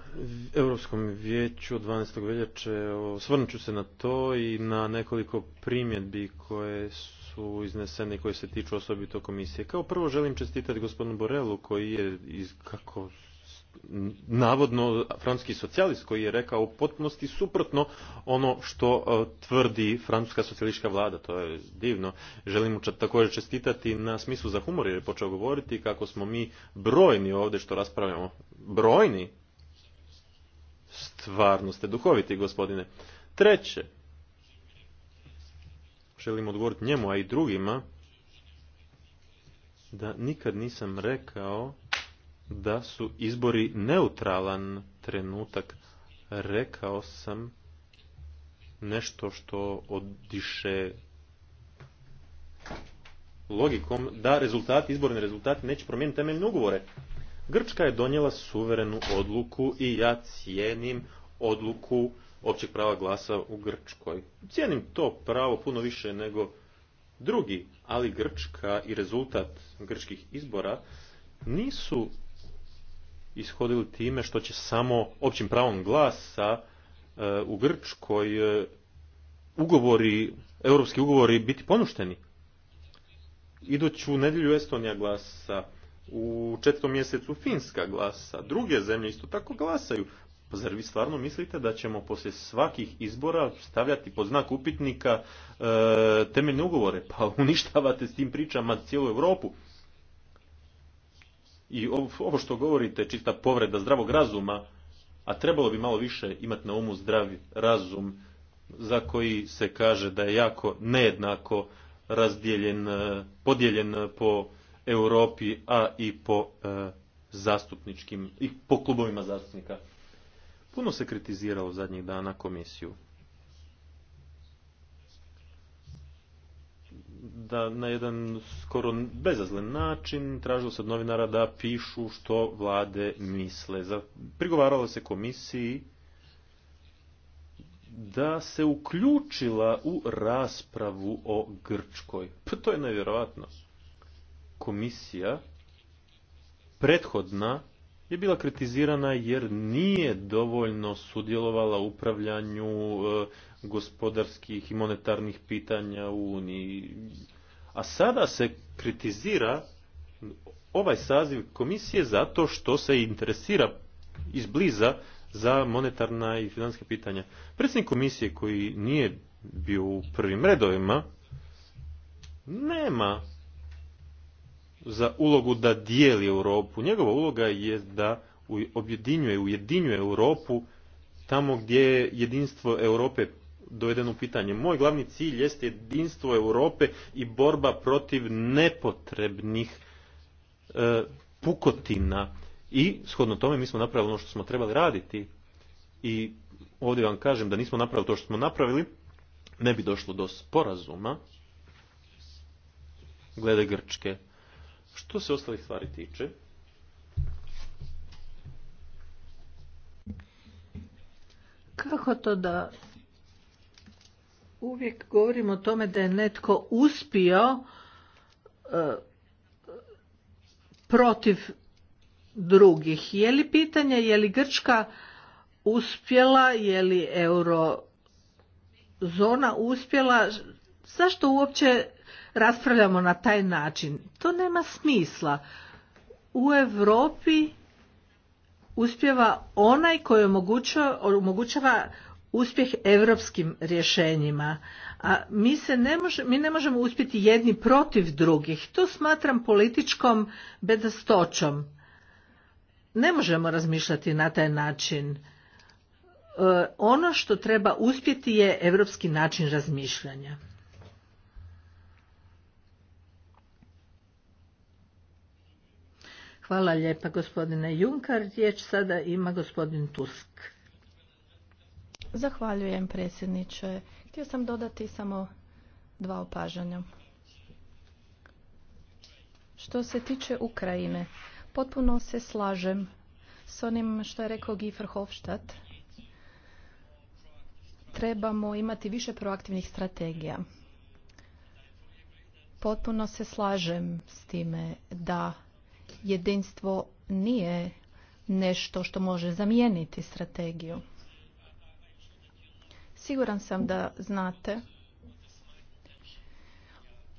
Europskom vijeću 12. veljače osvrnut ću se na to i na nekoliko primjedbi koje su iznesene i koje se tiču osobito komisije. Kao prvo želim čestitati gospodinu Borelu koji je iz, kako navodno francuski socijalist koji je rekao u potpunosti suprotno ono što e, tvrdi francuska socijalistička vlada. To je divno. Želim mu također čestitati na smislu za humor jer je počeo govoriti kako smo mi brojni ovdje što raspravljamo. Brojni? Stvarno ste duhoviti gospodine. Treće, želim odgovoriti njemu, a i drugima, da nikad nisam rekao da su izbori neutralan trenutak. Rekao sam nešto što odiše logikom da rezultati, izborni rezultati neće promijeniti temeljne ugovore. Grčka je donijela suverenu odluku i ja cijenim odluku općeg prava glasa u Grčkoj. Cijenim to pravo puno više nego drugi, ali Grčka i rezultat grčkih izbora nisu ishodili time što će samo općim pravom glasa e, u Grčkoj e, ugovori, europski ugovori biti ponušteni. Iduću nedjelju Estonija glasa, u četvrtom mjesecu Finska glasa, druge zemlje isto tako glasaju. Pa zar vi stvarno mislite da ćemo poslije svakih izbora stavljati pod znak upitnika e, temeljne ugovore? Pa uništavate s tim pričama cijelu Europu. I ovo što govorite, čista povreda zdravog razuma, a trebalo bi malo više imati na umu zdravi razum za koji se kaže da je jako nejednako razdijeljen, e, podijeljen po Europi, a i po e, zastupničkim i po klubovima zastupnika. Puno se kritiziralo zadnjih dana komisiju. da na jedan skoro bezazlen način tražilo se od novinara da pišu što vlade misle. Prigovaralo se komisiji da se uključila u raspravu o Grčkoj. Pa to je nevjerojatno. Komisija prethodna je bila kritizirana jer nije dovoljno sudjelovala u upravljanju e, gospodarskih i monetarnih pitanja u Uniji. A sada se kritizira ovaj saziv komisije zato što se interesira izbliza za monetarna i financijska pitanja. Predsjednik komisije koji nije bio u prvim redovima nema za ulogu da dijeli Europu. Njegova uloga je da objedinjuje, ujedinjuje Europu tamo gdje jedinstvo Europe doveden u pitanje. Moj glavni cilj jeste jedinstvo Europe i borba protiv nepotrebnih e, pukotina. I, shodno tome, mi smo napravili ono što smo trebali raditi. I ovdje vam kažem da nismo napravili to što smo napravili, ne bi došlo do sporazuma glede Grčke. Što se ostalih stvari tiče, Kako to da uvijek govorim o tome da je netko uspio e, protiv drugih. Je li pitanje je li Grčka uspjela, je li eurozona uspjela, zašto uopće raspravljamo na taj način? To nema smisla. U Europi uspjeva onaj koji omogućava uspjeh europskim rješenjima a mi se ne mi ne možemo uspjeti jedni protiv drugih to smatram političkom bedastoćom ne možemo razmišljati na taj način e, ono što treba uspjeti je europski način razmišljanja Hvala lijepa gospodine Junkar. Riječ sada ima gospodin Tusk. Zahvaljujem predsjedniče. Htio sam dodati samo dva opažanja. Što se tiče Ukrajine, potpuno se slažem s onim što je rekao Giefer Hofstadt. Trebamo imati više proaktivnih strategija. Potpuno se slažem s time da jedinstvo nije nešto što može zamijeniti strategiju. Siguran sam da znate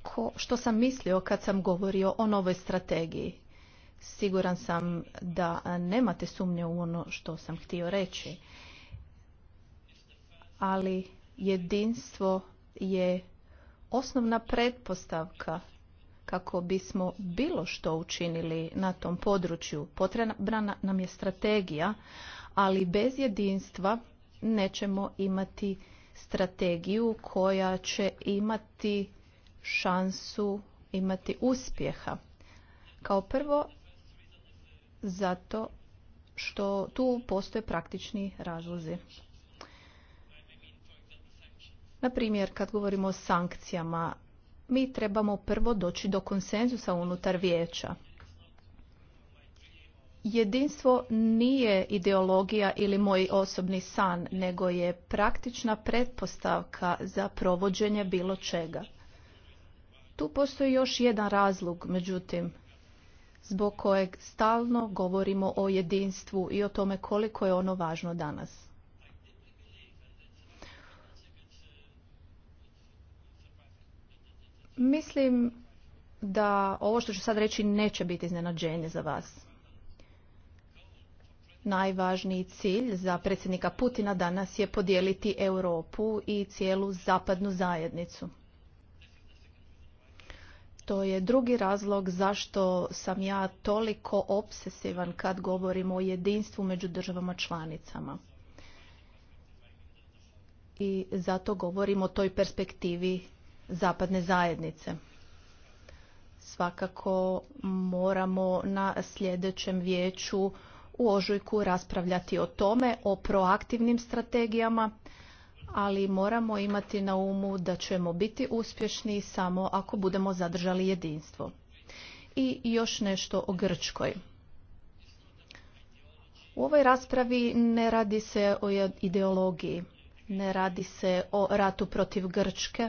ko, što sam mislio kad sam govorio o novoj strategiji. Siguran sam da nemate sumnje u ono što sam htio reći. Ali jedinstvo je osnovna pretpostavka kako bismo bilo što učinili na tom području. Potrebna nam je strategija, ali bez jedinstva nećemo imati strategiju koja će imati šansu imati uspjeha. Kao prvo, zato što tu postoje praktični razlozi. Na primjer, kad govorimo o sankcijama, mi trebamo prvo doći do konsenzusa unutar vijeća. Jedinstvo nije ideologija ili moj osobni san, nego je praktična pretpostavka za provođenje bilo čega. Tu postoji još jedan razlog, međutim, zbog kojeg stalno govorimo o jedinstvu i o tome koliko je ono važno danas. Mislim da ovo što ću sad reći neće biti iznenađenje za vas. Najvažniji cilj za predsjednika Putina danas je podijeliti Europu i cijelu zapadnu zajednicu. To je drugi razlog zašto sam ja toliko obsesivan kad govorim o jedinstvu među državama članicama. I zato govorim o toj perspektivi zapadne zajednice. Svakako moramo na sljedećem vijeću u ožujku raspravljati o tome, o proaktivnim strategijama, ali moramo imati na umu da ćemo biti uspješni samo ako budemo zadržali jedinstvo. I još nešto o Grčkoj. U ovoj raspravi ne radi se o ideologiji, ne radi se o ratu protiv Grčke,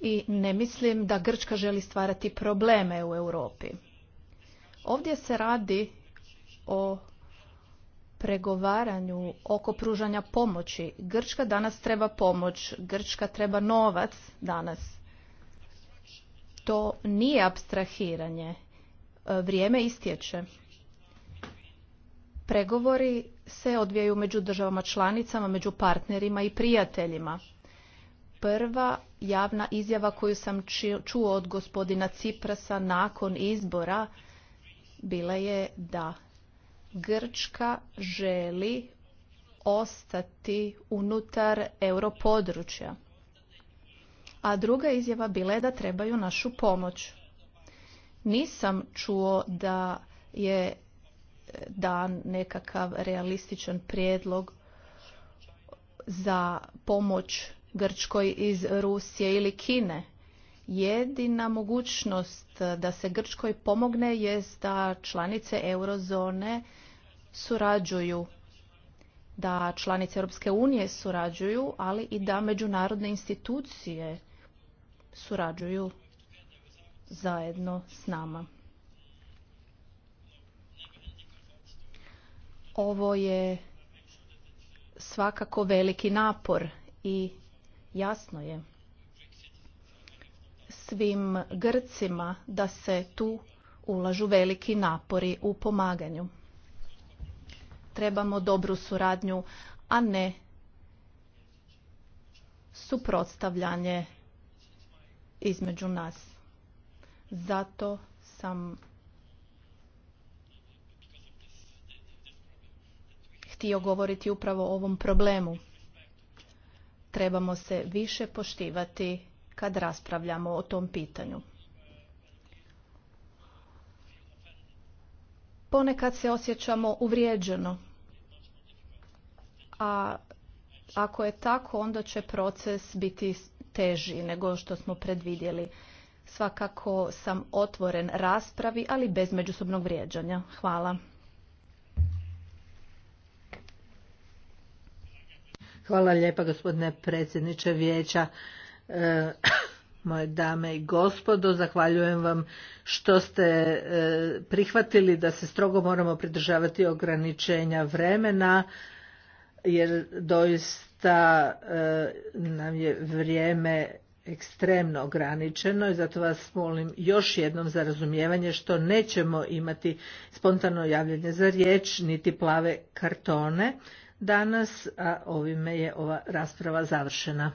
i ne mislim da Grčka želi stvarati probleme u Europi. Ovdje se radi o pregovaranju oko pružanja pomoći. Grčka danas treba pomoć, Grčka treba novac danas. To nije abstrahiranje. E, vrijeme istječe. Pregovori se odvijaju među državama članicama, među partnerima i prijateljima prva javna izjava koju sam čuo od gospodina Ciprasa nakon izbora bila je da Grčka želi ostati unutar europodručja. A druga izjava bila je da trebaju našu pomoć. Nisam čuo da je dan nekakav realističan prijedlog za pomoć Grčkoj iz Rusije ili Kine. Jedina mogućnost da se Grčkoj pomogne je da članice eurozone surađuju, da članice Europske unije surađuju, ali i da međunarodne institucije surađuju zajedno s nama. Ovo je svakako veliki napor i Jasno je svim Grcima da se tu ulažu veliki napori u pomaganju. Trebamo dobru suradnju, a ne suprotstavljanje između nas. Zato sam htio govoriti upravo o ovom problemu trebamo se više poštivati kad raspravljamo o tom pitanju. Ponekad se osjećamo uvrijeđeno, a ako je tako, onda će proces biti teži nego što smo predvidjeli. Svakako sam otvoren raspravi, ali bez međusobnog vrijeđanja. Hvala. Hvala lijepa gospodine predsjedniče vijeća. E, moje dame i gospodo, zahvaljujem vam što ste e, prihvatili da se strogo moramo pridržavati ograničenja vremena jer doista e, nam je vrijeme ekstremno ograničeno i zato vas molim još jednom za razumijevanje što nećemo imati spontano javljanje za riječ niti plave kartone danas, a ovime je ova rasprava završena.